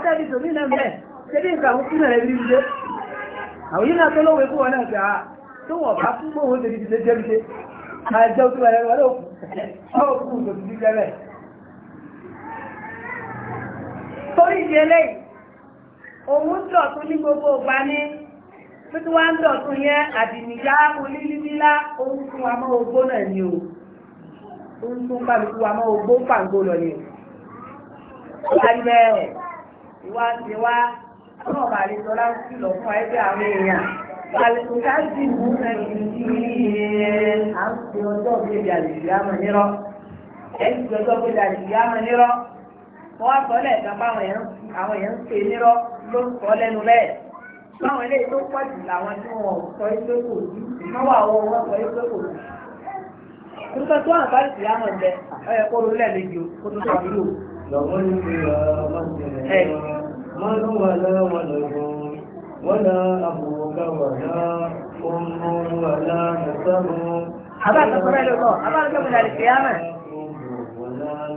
A: tó kù kò sí lẹ́lẹ̀. torí ìdílé òun dọ̀tún ní gbogbo ìgbà ní títí wá ń dọ̀tún yẹn àdìníyá onílílá òun fún wa mọ́ ogbó náà ni o òun tún bá mi fún wa mọ́ ogbó pàǹgó lọ ni o. ìwà ìwà ọlọ́ọ̀bà àlejò Àlùkáàdì mú ẹ̀yìn à ń fi ọjọ́ gbèdé àlùkìyàmọ̀ nírọ̀. Ẹ̀yìn fi ọjọ́ Wọ́n sọ lẹ́nu jù tí wọn sọ pé kò sí. Káwọn àwọn wọn sọ pé kò sí. Nígbà tó àǹfààní kó tó sọ àbúrò. Lọ́wọ́ ní ìgbéra ولا أبوك ولا أم ولا نسب أبارك الله الله أبارك الله القيامة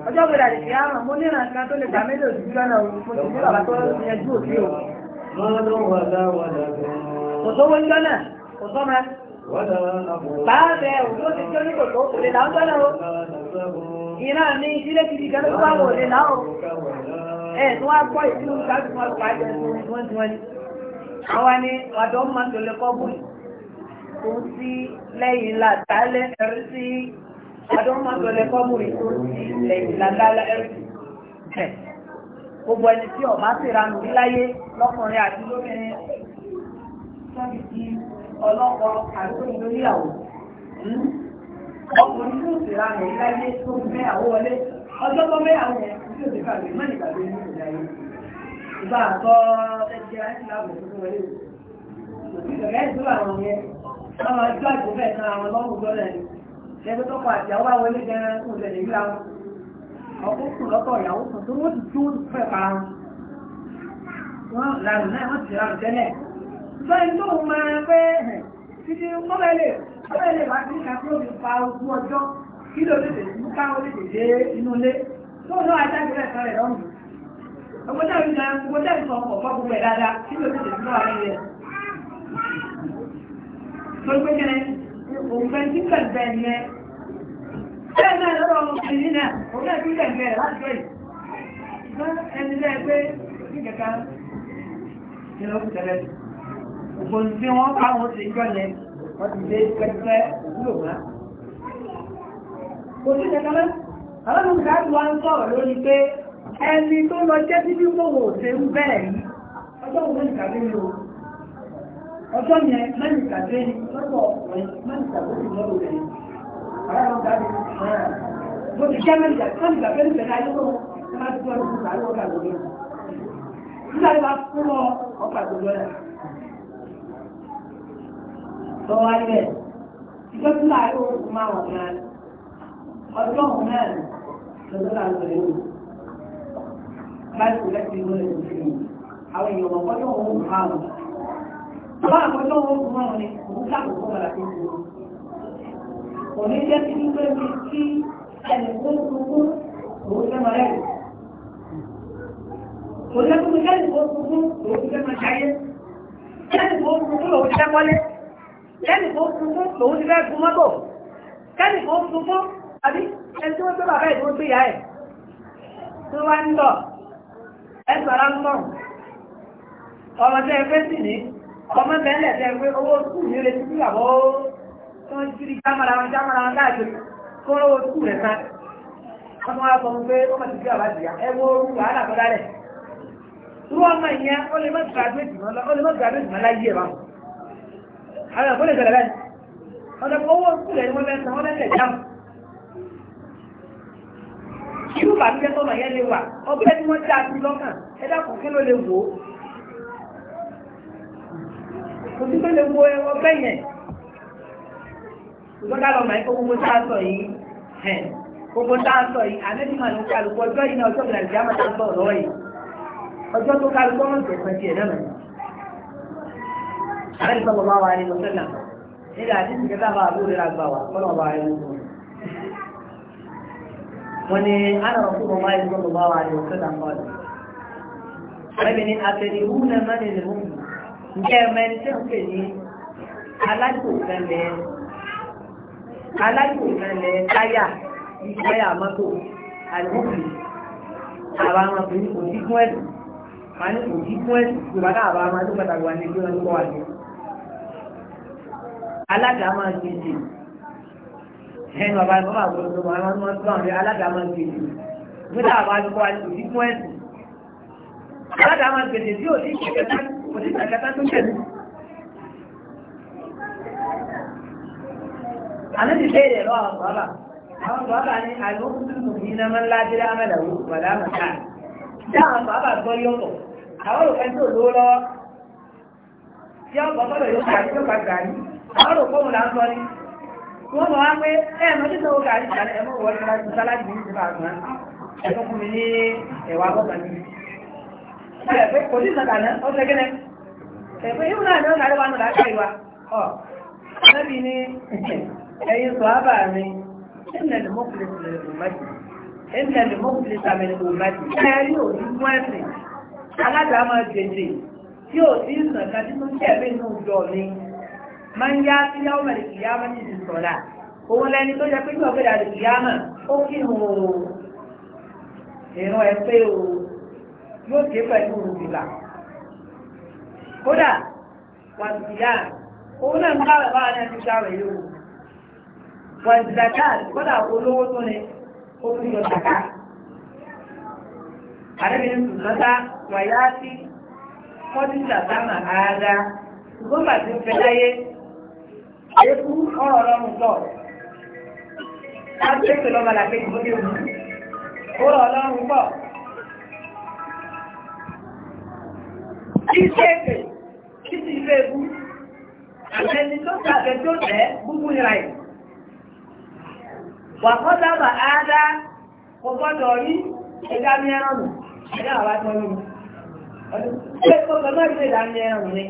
A: ọjọ́ gbèrè àdìsí àmà mo ní ìrànkan tó lè dà méjì òsì lọ́nà mo ti fún bàbá tó yanjú òsì o. kò sówó ń jọ́nà kò sọ́mà. bàá bẹ òjò ti jọ́ ní kòtò kò lè dáhùn jọ́nà o. ìran mi ìdílé ti di ìjọba tó bá wò lè náà o. ẹ tó wá gbọ́ àwa ni wàdó máa tòlé kọ́bù kò sí lẹ́yìn làtàlẹ́ ẹ̀rí sí wàdó máa tòlé kọ́bù kò sí lẹ́yìn làtàlẹ́ ẹ̀rí sí. gbogbo ẹni tí ọba ti nù láyé lọ́kùnrin àti lóbìnrin ti àti oníyàwó hmm? ọkùnrin tó sì ra nù láyé tó mẹ́yàwó wọlé ọjọ́ tó mẹ́yàwó yẹn tó sì fàgbé mọ́ ìgbàgbé ní ìgbà àkọ́ ẹgbẹ́ aláàbò tó wọlé ìgbẹ̀rẹ́ ìdúrà àwọn yẹn wọ́n máa jó àjò bẹ́ẹ̀ àwọn lọ́wọ́ gbọ́dọ̀ ni ẹgbẹ́ tó kọ àti àwọn àwọn ilé gan kò lè lè ríra wọn ọkọ̀ kù lọ́tọ̀ ìyàwó kan tó wọ́n ti tó fẹ́ para wọn wọ́n lànà náà wọ́n ti lànà tẹ́lẹ̀ sọ ẹni tó ń máa pẹ́ títí kọ́mẹ́lẹ̀ kọ́mẹ́lẹ̀ wá sí kakúrò mi pa ogún ọjọ́ kí ló lè dé ọgbọ́n tẹ́ ń gan gbogbo tẹ́ sọ ọkọ̀ mọ́ gbogbo ẹ̀ dáadáa tí ló ti tẹ̀sí wà lẹ́yìn rẹ̀. tó gbé kẹ́lẹ́ òun fẹ́ tí gbẹ̀gbẹ̀ yẹn bẹ́ẹ̀ náà lọ́rọ̀ ọmọkùnrin náà òun náà tún gbẹ̀gbẹ̀ rẹ̀ láti rẹ̀ ẹni náà pé kíkẹ́kẹ́ ìlú tẹ̀lẹ̀ ògbón tí wọ́n bá wọn ṣe jọ yẹn wọ́n ti dé pẹ́pẹ́ wúlò wá. kò sí kẹ́kẹ́ lọ́ ẹni tó lọ jẹ́ sí bí wòwò ṣe ń bẹ́ẹ̀ yìí ọjọ́ òun mẹ́rin ni ọjọ́ yẹn mẹ́rin kàdé ni lọ́pọ̀ ọ̀pọ̀ mẹ́rin kàdé ni lọ́pọ̀ rẹ̀ àwọn ọmọ gàdé mo ti jẹ́ mẹ́rin kàdé mẹ́rin kàdé ni bẹ̀rẹ̀ ayé lọ́wọ́ ẹ máa ti gbọ́ ọdún kàdé wọ́n kàdé lọ́wọ́ nígbà tí wàá fún ọ ọkà tó lọ́yà lọ́wọ́ ayé ìjọ tí láàárọ̀ òkú máa wọ̀ ní ọjọ́ òun mẹ́rin lọ́dọ́ làwọn ẹ̀rọ láti lẹ́sí lórí ìṣẹ́yìn àwọn èèyàn ọ̀pọ̀ tó ń hùn márùn bá àwọn tó ń hùn márùn ni òun lákòókò padà tó ń hùn kò ní jẹ́ kí nígbà tí kí ẹnì tó ń sunkún òun fẹ́ máa rẹ̀ kò jẹ́ kí ẹnì tó ń sunkún òun fẹ́ máa ṣayé ẹnì tó ń sunkún òun fẹ́ wọlé ẹnì tó ń sunkún òun fẹ́ gun mọ́tò ẹnì tó ń sunkún àbí ẹni ẹgbàrá ń mọ̀ ẹgbẹ́ sì ní ọmọ bẹ́ẹ̀lẹ̀ ẹgbẹ́ owó skul ní ilé títí àbọ̀ tó ń jírí jámara wọn jámara wọn káàkiri kó lówó skul rẹ̀ sáré wọ́n tún wá pé ó ẹgbẹ́ orú irú ọmọ ìyẹn ó lè láyé ẹ̀ àwọn bẹ́ẹ̀ ọ̀dọ̀ owó rẹ̀ ni wọ́n fẹ́ irú bàbíjẹ́ tọ́nà yẹn lè wà ọgbẹ́ tí wọ́n já sí lọ́kàn ẹ dákun kí ló lè wò ó kò sí tó lè wo ọgbẹ́ yẹn ìgbọ́dá lọ màá kó gbogbo tá sọ yìí gbogbo tá sọ yìí àmẹ́bí màá ló kálukú ọjọ́ yìí náà ọjọ́ ìlànà ìjà máa ń sọ̀rọ̀ lọ́wọ́ yìí ọjọ́ tó kálukú ọ̀rọ̀ ìṣẹ̀fẹ̀ tiẹ̀ náà mẹ́rin àmẹ́bí sọ̀rọ̀ bá wà ní mọ̀sẹ́lá nígbà tí ìṣẹ̀fẹ̀ wọ́n ní aláwọ̀ fún ọmọ ayé gbọ́dọ̀ bá wà ní òkèlà fọ́ọ̀lù ẹ̀mí ni àtẹ̀lẹ̀ ìwú náà má nílẹ̀ mú ǹjẹ́ ẹ̀mẹ́ ní tẹ́ ń pè ní aláìkòfẹ́lẹ̀ aláìkòfẹ́lẹ̀ táyà ìgbáyà mọ́tò àlùmọ́kì àbá máa fi kò sí fún ẹ̀sùn wà ní kò sí fún ẹ̀sùn yorùbá náà àbá máa tó pàtàkì wà ẹ̀yìn bàbá ẹ̀ bàbá àgbọ̀dọ̀ tó máa ń tọ́ àwọn alága máa ń gbèsè nígbà àbá ti kọ́ àti òsì fún ẹ̀sìn alága máa ń gbèsè tí òsì kẹkẹta tó tẹ̀lé. àná ti ṣe ìrẹ̀lọ́ àwọn bàbá àwọn bàbá ní àlùkùnkùn yìí náà máa ń lájẹ́lẹ́ àmàlàwò wàlá màkà dáhùn bàbá gbọ́ yọ̀pọ̀ àwọn òfin tó lówó lọ́wọ́ tí àwọn òfin òun wọ́n mọ̀ wá pé ẹ̀mọ́ tí sọ́wọ́ kàrí ìsàlẹ̀ ẹ̀mọ́ wọ́n ti láti sáláàdì ní ìjọba àgbọ̀n ẹ̀kọ́ fún mi ní ẹ̀wà bọ́ta ní ìṣẹ̀lẹ̀ pé kò sí ìsàkànà ó fẹ́ gẹ́nẹ́ ẹ̀pẹ́ yóò náà ní ọ̀nà àríwá náà láti ìwà ọ̀ lẹ́bi ní ẹ̀yin sọ ábà mi ẹ̀nà lè mọ́ kùlẹ̀ sàmì òmàdì ẹ̀nà lè mọ́ kùlẹ̀ sàmì òmàdì ẹ̀rí òní mú ẹ̀sìn alága máa gbèdè tí ò sí ìsànkà nínú kẹ́ẹ̀mí inú ìjọ mi máa ń yá sí yáwó mẹ́rin kìyàmọ́ ní ìlú sọ̀lá òun lẹni tó yẹ pé ní ọ̀gbẹ́dà lè kìyàmọ́ ó kí hù ó ìran ẹ pé o yóò dé pẹ̀lú òrùbìlà kódà wàtìyà òun náà ń bá bàbá rẹ̀ ti gbà rẹ̀ yóò wàtìyà kódà olówó tó ni ó fi yọ sàkà àrẹ́bìnrin sùnmọ́ta wàyá sí kọ́dí sàtàmà ààrẹ ṣùgbọ́n bàtí ń fẹ́ láyé Èkú ọ̀rọ̀ ọlọ́run sọ. Láti ètò lọ́ba làkejì lórí òun. Ọ̀rọ̀ ọlọ́run pọ̀. Iṣẹ́ èpè títí ilé ewu. Àtẹni tó tàbẹ̀ tó tẹ̀ gbogbo ìrà ẹ̀. Wà kọ́ sábà áádá kò gbọ́dọ̀ rí ẹ̀dá ní ẹran nù. Ẹ̀dá àwa tó ní. Ṣé kó gbọ́dọ̀ rí ẹ̀dá ní ẹran nù ni?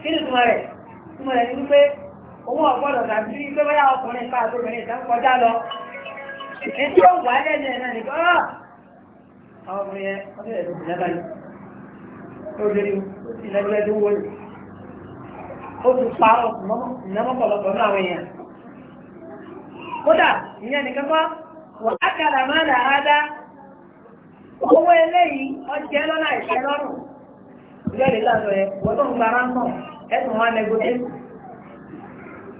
A: Kí ni túmọ̀ rẹ̀? Túmọ̀ rẹ̀ ni wípé òun ọ̀gbọ́dọ̀ tàbí ní pé bóyá ọkùnrin ká àtòbìnrin ìtàn kọjá lọ ètò òwò alẹ́ ní ẹ̀nà nìkan ah! àwọn ọmọ yẹn ọdún ẹ̀rọ ìlú ó ó ó pa náà kódà ìyẹn nìkan kọ́ á dà á dá owó eléyìí ọjẹ́ lọ́nà lọ́rùn ìjọ́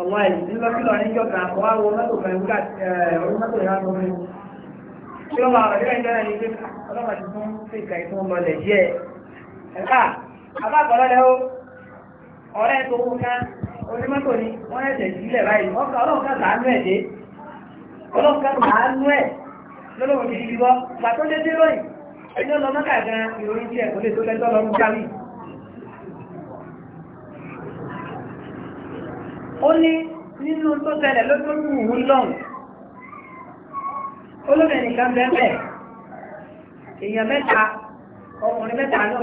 A: ọ̀wọ́ ẹ̀ nílọ́kílọ̀ níjọba ọwọ́ àwọn mọ́tò kan nígbà ọdún mọ́tò yẹn lọ fún mi. kí ló máa rọ̀jọ́ ìjọba ní pé ọlọ́mọ ti tún fi ìka ìtún lọlẹ̀ díẹ̀. ẹ̀ka abákọ̀ọ́lọ́ lẹ o ọ̀rẹ́ tó kú ká onímọ́tò ni wọ́n ẹ̀sẹ̀ sílẹ̀ báyìí ọkọ̀ ọlọ́ọ̀ká sàánú ẹ̀ dé ọlọ́ọ̀ká sàánú ẹ̀ lọ́lọ́wọ́ ó ní nínú tó tẹ̀lẹ̀ lójúmù òun lọ́hùn olóbìnrin nìkan bẹ́ẹ̀ èèyàn mẹ́ta ọkùnrin mẹ́ta ní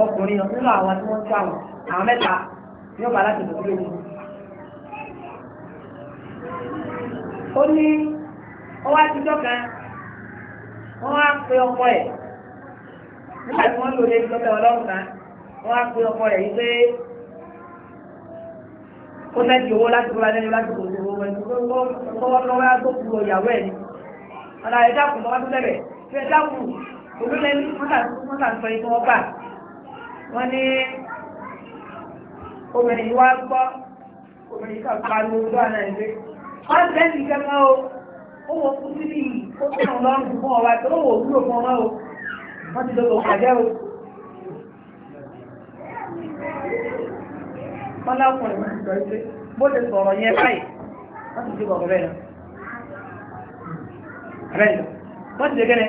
A: ọkùnrin náà nínú àwọn tí wọ́n tó àwọn àwọn mẹ́ta ní ọba láti gbọ̀ lóyún. ó ní wá tijọ́ kan ẹ̀ nígbà wọ́n lò ọlọ́run kan wọ́n wá ọkọ rẹ̀ pé ó fẹ́ di owó láti kó lálẹ́ láti kó owó wọn lọ́wọ́ tó kú ìyàwó ẹ̀ ni ọ̀nà ẹ̀dá kù lọ́wọ́ tó lẹ́bẹ̀ tí ẹ̀dá kù olúlẹ̀ wọ́n tà sọ ikú wọn bà wọ́n ní obìnrin yìí gbọ́ obìnrin kan pariwo ojú àná ẹ̀dẹ́ wọ́n ti lẹ́sìn kẹ́kẹ́ o ó wọ fún síbi ó tẹ̀wọ̀n lọ́rùn fún ọwọ́ àti ó wọ òwúrò fún ọmọ o wọ́n ti lọ́wọ́ wọ́n lákùnrin wọ́n ti sọ pé bó ti sọ̀rọ̀ yẹn báyìí wọ́n ti ju bọ̀rọ̀ bẹ́ẹ̀ lọ. Àbẹ́yìn lọ, wọ́n ti dégẹ́nẹ́,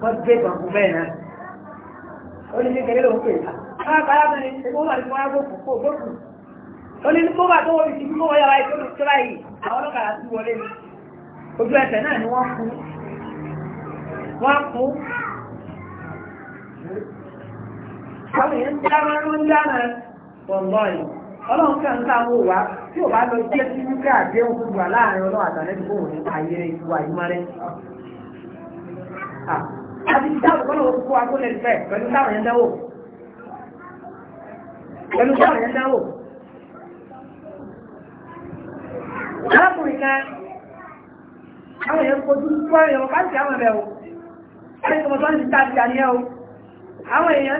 A: wọ́n ti gbé ìgbàgbọ́ bẹ́ẹ̀ ha Ó ní kékeré ló ń pè é. Àwọn àgbàlá mi ni onye kó wà ní fún arábò kò gbókùn. Ó ní kó bá ni. Ojú ẹsẹ̀ náà ni ọlọ́run kàn ń káwọ́ wá tí ò bá lọ jẹ́ sí wíkà àdéhùn gbogbo láàrin ọlọ́run àtàlẹ́bí kò wọ́n ní ayé ìwà ìmọ̀rẹ́. àti dáàbò kọ́nà ó kó agbóhùn ẹ̀fẹ́ pẹ̀lú táwọn yẹn pẹ̀lú táwọn yẹn arákùnrin kan àwọn kojú bá ti àwọn ẹ̀bẹ̀ o. ẹni tó sọ́ni ti ta o. àwọn èèyàn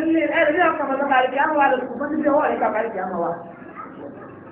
A: ní ọkọ̀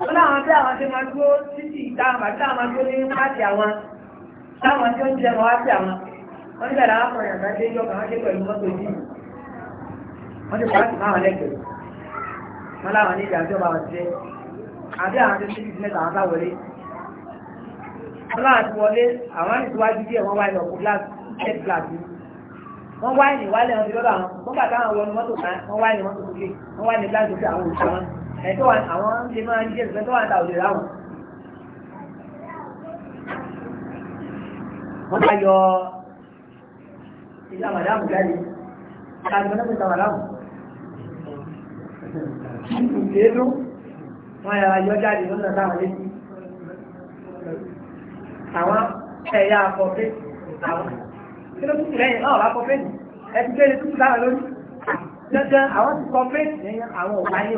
A: wọ́n láwọn tí àwọn tí wọ́n dúró títì táwọn àti àwọn tó ní pàtì àwọn táwọn tí ó ń jẹ wọn pàtì àwọn wọ́n ní bẹ̀rẹ̀ àwọn ọ̀rẹ́ àgbájé yọ kàn án dé pẹ̀lú mọ́tò yìí wọ́n ti pàtì máwọn lẹ́gbẹ̀ẹ́ wọ́n láwọn ní ìdájọ́ bá wọn àwọn àwọn àwọn àwọn ẹ̀tọ́ àwọn ṣe máa jẹ́ ìfẹ́ tó wà ráhùn. wọ́n bá yọ ilé àmàdáàmù jáde káàkiri náà pèsè àmàdáàmù. wọ́n yà yọ jáde lọ́nà táwọn létí. àwọn ẹ̀yà àkọ́fẹ́ àwọn kí ló tún lẹ́yìn náà wà kọ́fẹ́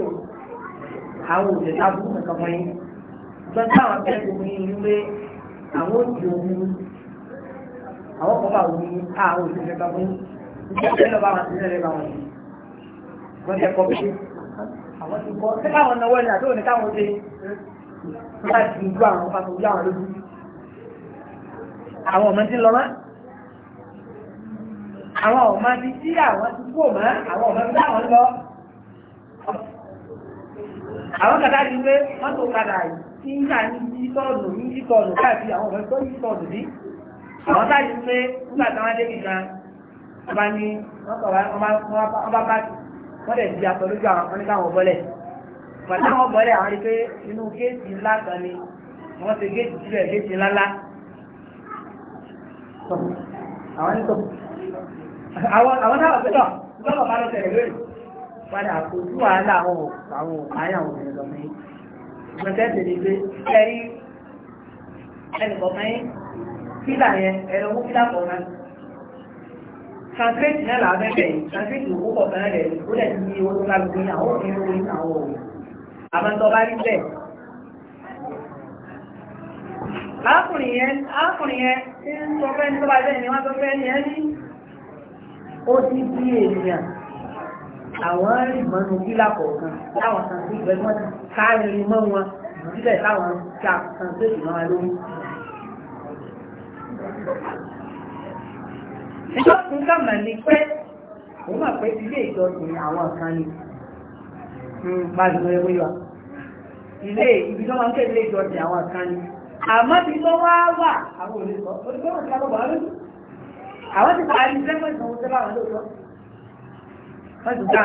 A: ẹ̀ àwọn òde tábù kankan mọ́ yín ṣùgbọ́n táwọn akẹ́kọ̀ọ́ mi ní pé àwọn òde omi àwọn kan máa wí àwọn òde kankan mọ́ yín ìṣẹ́ ìlọ́ba àwọn àti ìṣẹ́lẹ̀ bá wọn yìí wọ́n ti ẹ̀kọ́ pé ṣé káwọn náwó ẹni àti òní káwọn ṣe láti ìlú àwọn pàtó ojú àwọn lójú àwọn ọmọ ti lọ mọ́ àwọn ọmọ ti tí àwọn ti kú òmọ́ àwọn ọmọ ti láwọn lọ àwọn kàtà ti pé mọ́tò kadà yìí ń gbà ní yítọ́ọ̀nù ní yítọ́ọ̀nù káàkiri àwọn ọmọ tó yítọ́ọ̀nù bí àwọn táyì pé nígbà tí wọ́n débi kan wọ́n bá ní wọ́n bá bá wọ́n dẹ̀ di aṣọ lójú àwọn ọmọdé káwọn bọ́lẹ̀ pàtó àwọn bọ́lẹ̀ àwọn rí pé inú géètì ńlá kan ni wọ́n ti géètì sílẹ̀ géètì ńláńlá àwọn àwọn náà pẹ̀lú ọ̀pọ̀lọpọ̀ padà kò wàhálà àwọn àwọn àyà àwọn obìnrin lọ́mọ yìí ìgbọ̀nsẹ̀ tèmi pé ẹ̀rí ẹnìkọ̀ọ̀kan yìí fílà yẹn ẹ̀rọ owó fílà kọ̀ọ̀kan translate náà làá bẹ́ẹ̀ yìí translate owó kọ̀ọ̀kan rẹ̀ ó dẹ̀ ti ní owó tó kálukú ní àwọn òfin owó ní àwọn òwò àmọ́ bá rí bẹ́ẹ̀. arákùnrin yẹn arákùnrin yẹn tí ń sọ fẹ́ ní tó bá bẹ́ẹ̀ ni fẹ́ ní ẹ́ ó ti di èèyàn àwọn ìmọ̀nù fílà kọ̀ọ̀kan láwọn kan sí ìgbẹ́ wọn káàrin mọ́ wọn síbẹ̀ táwọn tí a kan tó sì máa lórí. ìjọ tún kàmà ní pé òun mà pé ilé ìjọsìn àwọn kan ni gbàdúrà ẹwé wa ilé ibi tó máa ń kéde ìjọsìn àwọn kan ni àmọ́ ti tó wá wà àwọn olùkọ́ olùkọ́ wọn ti ká lọ́wọ́ àwọn ti parí sẹ́fẹ̀sì àwọn sẹ́fẹ̀ àwọn olóòótọ́ wọ́n ti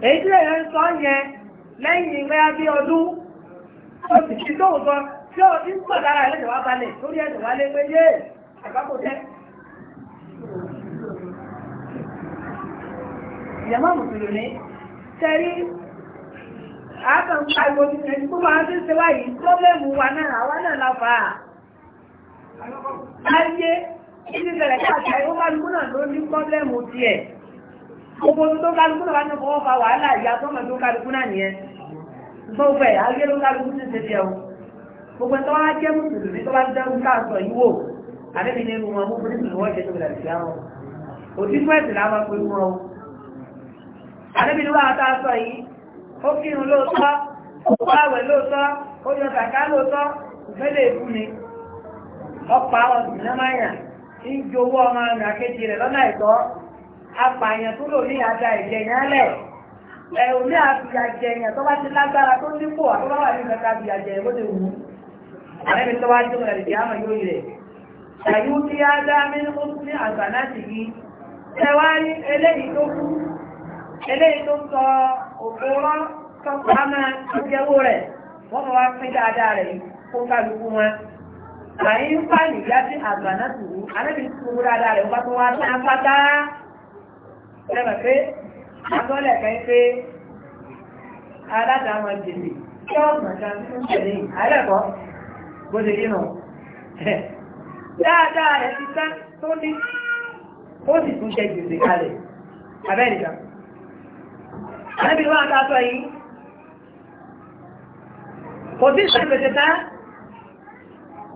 A: èyí tí sọ yẹn lẹ́yìn ìwé abí ọdún ó sì fi tóun sọ tí ó ti ń pọ̀ dára ẹlẹ́dẹ̀ wá balẹ̀ lórí ẹ̀dẹ̀ wá lé pé yé àgbákò tẹ́. mùsùlùmí tẹ́rí àtàn pa ìbòmìnà ní kó máa tí ń ṣe wáyìí pọ́blẹ́mù wa náà àwa náà la fà á. ayé ìdí ìṣẹ̀lẹ̀ káàkiri ó kálukú náà ló ní pọ́blẹ́mù tiẹ̀. gbogbo ohun tó kálukú náà wá ní fọwọ́ fa wàhálà ìyá tọ́mọ̀ tó kálukú náà nìyẹn. gbogbo ẹ̀ ayé ló kálukú ti ṣe tiẹ̀ o. gbogbo ẹ̀ tó wá jẹ́ mùsùlùmí tó bá ti dẹ́rù káàkiri yìí wò. àbẹ́bí ni irun wọn mú fún ìsìn wọ́n ṣe tó ó kírun lóòótọ́ ó pàwẹ̀ lóòótọ́ ó yọ kàkà lóòótọ́ ìfẹ́lẹ̀ èkú ni ọ̀pá ọ̀sìn náà máa yàn ń jowó ọmọ àgbà kejì rẹ̀ lọ́nà ìtọ́ apààyàn tó lò ní àga ìjẹyàn lẹ̀ ẹ̀rù ní àfìyàjẹyàn tó bá ti lágbára tó nípò àtọ́wà ní ìfẹ́ka àfìyàjẹyàn bó ti wù ú àrẹ́mi tó wá jókòó ẹ̀rì ìyá àmọ̀ yóò rẹ̀ ṣàyú tí a dá mínú ní àgbà náà sì yí ẹwà ní eléyìí tó kú eléyìí tó sọ òkúrọ́ tọ́pọ̀ a máa jẹ́wó rẹ̀ wọ́n mọ̀ wá pín dáadáa rẹ̀ kó kálukú wọn. Àyí ń fà àgbà náà alẹ́bí ń dáadáa rẹ̀ wọ́n tó wá tán pátá. Ṣẹ́bà pé kan pé aládàá wọn kí ọ̀gbọ̀n kan tẹ̀lé bó ṣe yín Dáadáa rẹ̀ ti tán tó ní ó sì tún àbí wá àtàtọ̀ yìí kò sí ìṣẹ́lẹ̀ tá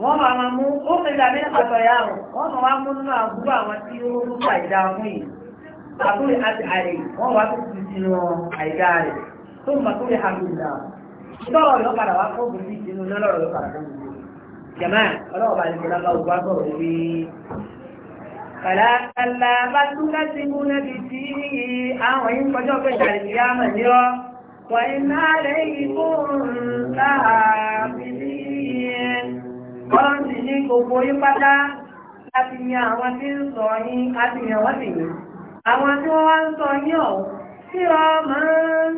A: wọ́n máa ma mú ó fi dàbí àtọ̀ yà rùn wọ́n máa wá mú nínú àbúrò tí ó ń fa ìdá fún yìí àbúrò àti wọ́n wá tó ti àìdá rẹ̀ tó yóò padà wá fún òbí lọ́rọ̀ yóò padà fún òbí jẹ̀mẹ́ ọlọ́wọ́ bá òbí wá Kàlá kàlá bá tún láti mú níbi tí àwọn yìí ń kọjọ́ pé jàrìdì á mọ̀ ní ọ́. Wà iná lè ikú láàbìlì yẹn. Wọ́n sì ní gbogbo yín pátá láti yan àwọn tí ń sọ yín láti yan wọ́n sì yín. Àwọn tí wọ́n wá ń sọ yín ọ̀hún tí wọ́n máa ń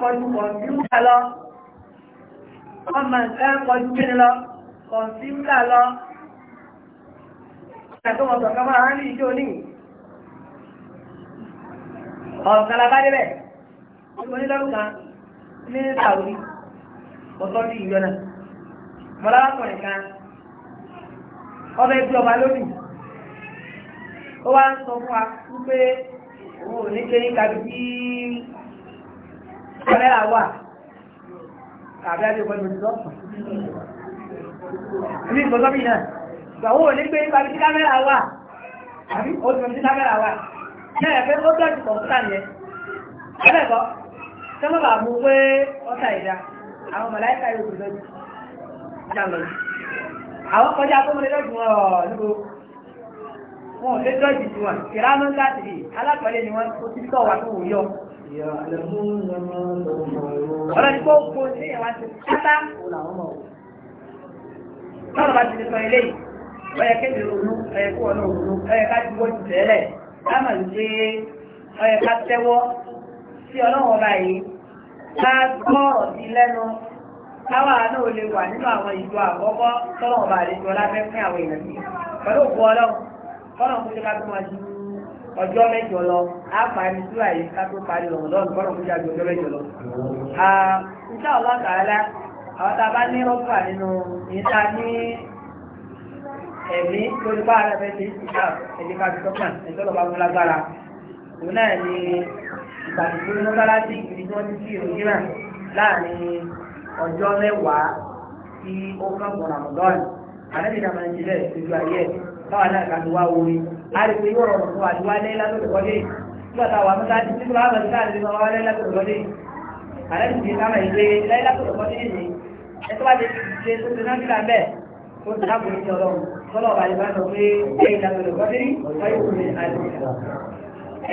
A: kọjú kọ̀ọ̀dúnrún lọ kọ̀ǹtíńdà lọ àtúnwọ̀sọ̀ kan máa ń rí ijó ní ọ̀sán labá débẹ̀ onílọ́rù kan ní sàwùrí ọ̀tọ́ sí ìjọ náà mọ̀láwákọ̀rin kan ọbẹ̀ tí ọba lónìí ó wá ń sọ fún wa wípé òun ò ní ṣe ní kàbí tí kọ́lẹ́rà ní ìgbọ́sọ́ bí náà ìgbàwó ò ní gbé nípa bí kámẹ́rà wà àbí ó ti kámẹ́rà wà náà ẹ̀fẹ́ ó dọ̀tí kọ̀ǹpútà nìyẹn ẹlẹ́kọ̀ọ́ tẹ́ mọ́ bà mú pé ọ́sà ìdá àwọn mọ̀láìkà yóò gbé lọ́jọ́ ìjà lọ àwọn kọjá akọ́mọdé lọ́jọ́ wọn ọ̀ níbo wọn ò lé lọ́jọ́ ìjì wọn ìrámú láti rí alákọ̀ọ́lẹ̀ ni wọ́n ti tọ̀ wá tó wù yọ. ọ̀rọ̀ ni kó kó báwo bá ti ti sọ eléyìí ọyẹ kéde ronú ọyẹ ọ̀nà òru ọyẹ ti wọ́n ti tẹ́lẹ̀ ká ń gbé ọyẹ tẹ́wọ́ sí ọlọ́wọ́ yìí ká gbọ́ ọ̀dí lẹ́nu káwa náà lè wà nínú àwọn ìjọ àkọ́kọ́ tọ́lọ̀ ọba àlejò ọlábẹ́ fún àwọn èèyàn yìí pẹ̀lú òkú ọlọ́run kọ́nà kó ṣe ká tó máa ju ọjọ́ mẹ́jọ lọ àwọn tá a bá ní rọ́pà nínú ìta ní ẹ̀mí lórí bá ara fẹ́ ṣe ìṣà ẹ̀díkà bìtọ́kàn ẹ̀tọ́ lọ́ba mú lágbára òun náà ni ìgbàdìgbò ní mọ́sálásí ìgbìdì tí wọ́n ti fi ìròyìn náà láàrin ọjọ́ mẹ́wàá tí ó kàn gbọ̀n àmọ̀dọ́ọ̀nì àlẹ́bí náà máa ń jílẹ̀ lójú ayé báwa náà kà ní wá orí a lè pe yóò rọrùn fún wa àdúrà lẹ́yìn lásòkè kọ́lé nígbà táwa mọ́sálásí tí wọ́n á bẹ̀rẹ̀ láàrin lọ́wọ́ lẹ́yìn lásòkè kọ́lé àlẹ́bí ti ká ẹ̀tọ́ bá ti ṣe tó ti náà nígbà bẹ́ẹ̀ ó ti dáàbò ní ọlọ́run tọ́lọ̀ ọba ìbá sọ pé ẹ̀ ìdàgbàsókè kọ́sírí wáyé òun ní àìsàn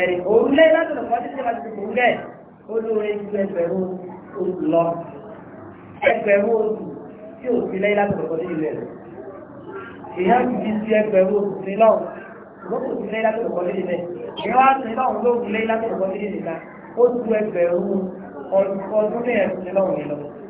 A: ẹ̀rì òun lé látọ̀lọ̀ kọ́sírí tó bá ti kò ń bẹ́ẹ̀ ó lóore ju ẹgbẹ̀rún oṣù lọ ẹgbẹ̀rún oṣù tí ò sí lẹ́yìn látọ̀lọ̀ kọ́sírí rẹ̀ èèyàn ti di ẹgbẹ̀rún oṣù sí lọ́wọ́ lókò sí lẹ́yìn látọ̀lọ̀ kọ́sírí lọ́wọ́ lókò lọ́wọ́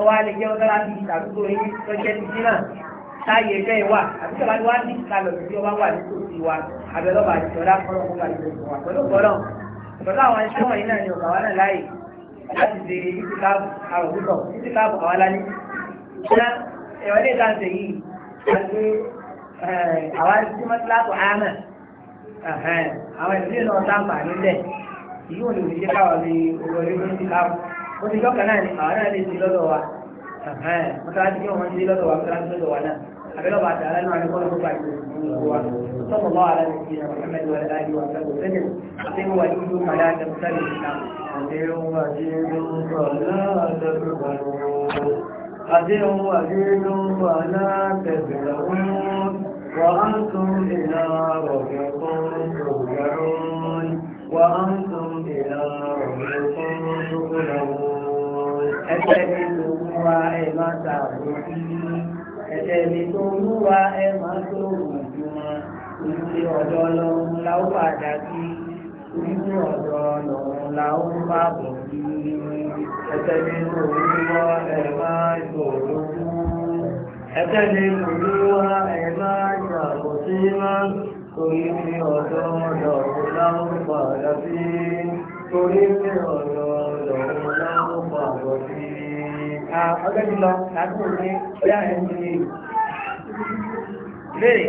A: ọwọ́ alẹ́ jẹ́ ọlọ́lá ti ìtàdúgbò yín lọ́jẹ́ ti dín náà táyé ẹgbẹ́ wà àti tọ́ba wá ní ìkàlọ̀ tí ọba wà ní tòsí wa abẹ́lọ́ba àti ọ̀dà kọ́lọ́ kọ́lọ́ àti ọ̀dà pẹ̀lú gbọ́dọ̀ pẹ̀lú àwọn iṣẹ́ wọ̀nyí náà ni ọ̀gá wa náà láàyè láti ṣe ìtìkáàbù àròkútọ̀ ìtìkáàbù àwa lání. ṣé ẹ̀wọ̀n lè dáhùn sèyí àti àwa tí wọ́n ti láàbù àmà àwọn ìdílé náà sáǹpà nílẹ̀ ìyóò lè ṣe káwọn ní olórí wọ́n ti lọ́kàn náà ni àwọn náà lè ti lọ́dọ̀ wa mọ́tàlájú kí wọ́n ti lọ́dọ̀ wa mọ́tàlájú lọ́dọ̀ wa náà abẹ́lẹ́ bá tààrà náà ní kọ́lọ́ fún báyìí wa sọ́kọ̀ bá wà láti fi hàn mọ́tàlájú wa láti wà sọ́kọ̀ sẹ́yìn àti wà ní ìlú padà tẹ̀síṣàlì ìsìlámù. àdéhùn àdéhùn fàlà tẹ̀síṣàlù àdéhùn àdéhùn fàlà tẹ̀síṣàlù وأنتم إلى
B: ربكم
A: ترجعون ẹsẹ̀ mi tó mú wa ẹ máa ta àbòsí ẹsẹ̀ mi tó mú wa ẹ máa tó òògùn jù wọn ìdílé ọ̀dọ́ lọ́hún la ó padà sí ìdílé ọ̀dọ́ lọ́hún la ó bọ̀ sí ẹsẹ̀ mi tó mú wa ẹ máa tó òògùn ẹsẹ̀ mi tó mú wa ẹ máa tó àbòsí máa torí ọ̀dọ́ lọ́hún la ó padà sí torí pé ọ̀rọ̀ ọ̀rọ̀ lámúpa àbọ̀ sí ọjọ́ ìlọ láti òní ọjọ́ ìrìn ìbéèrè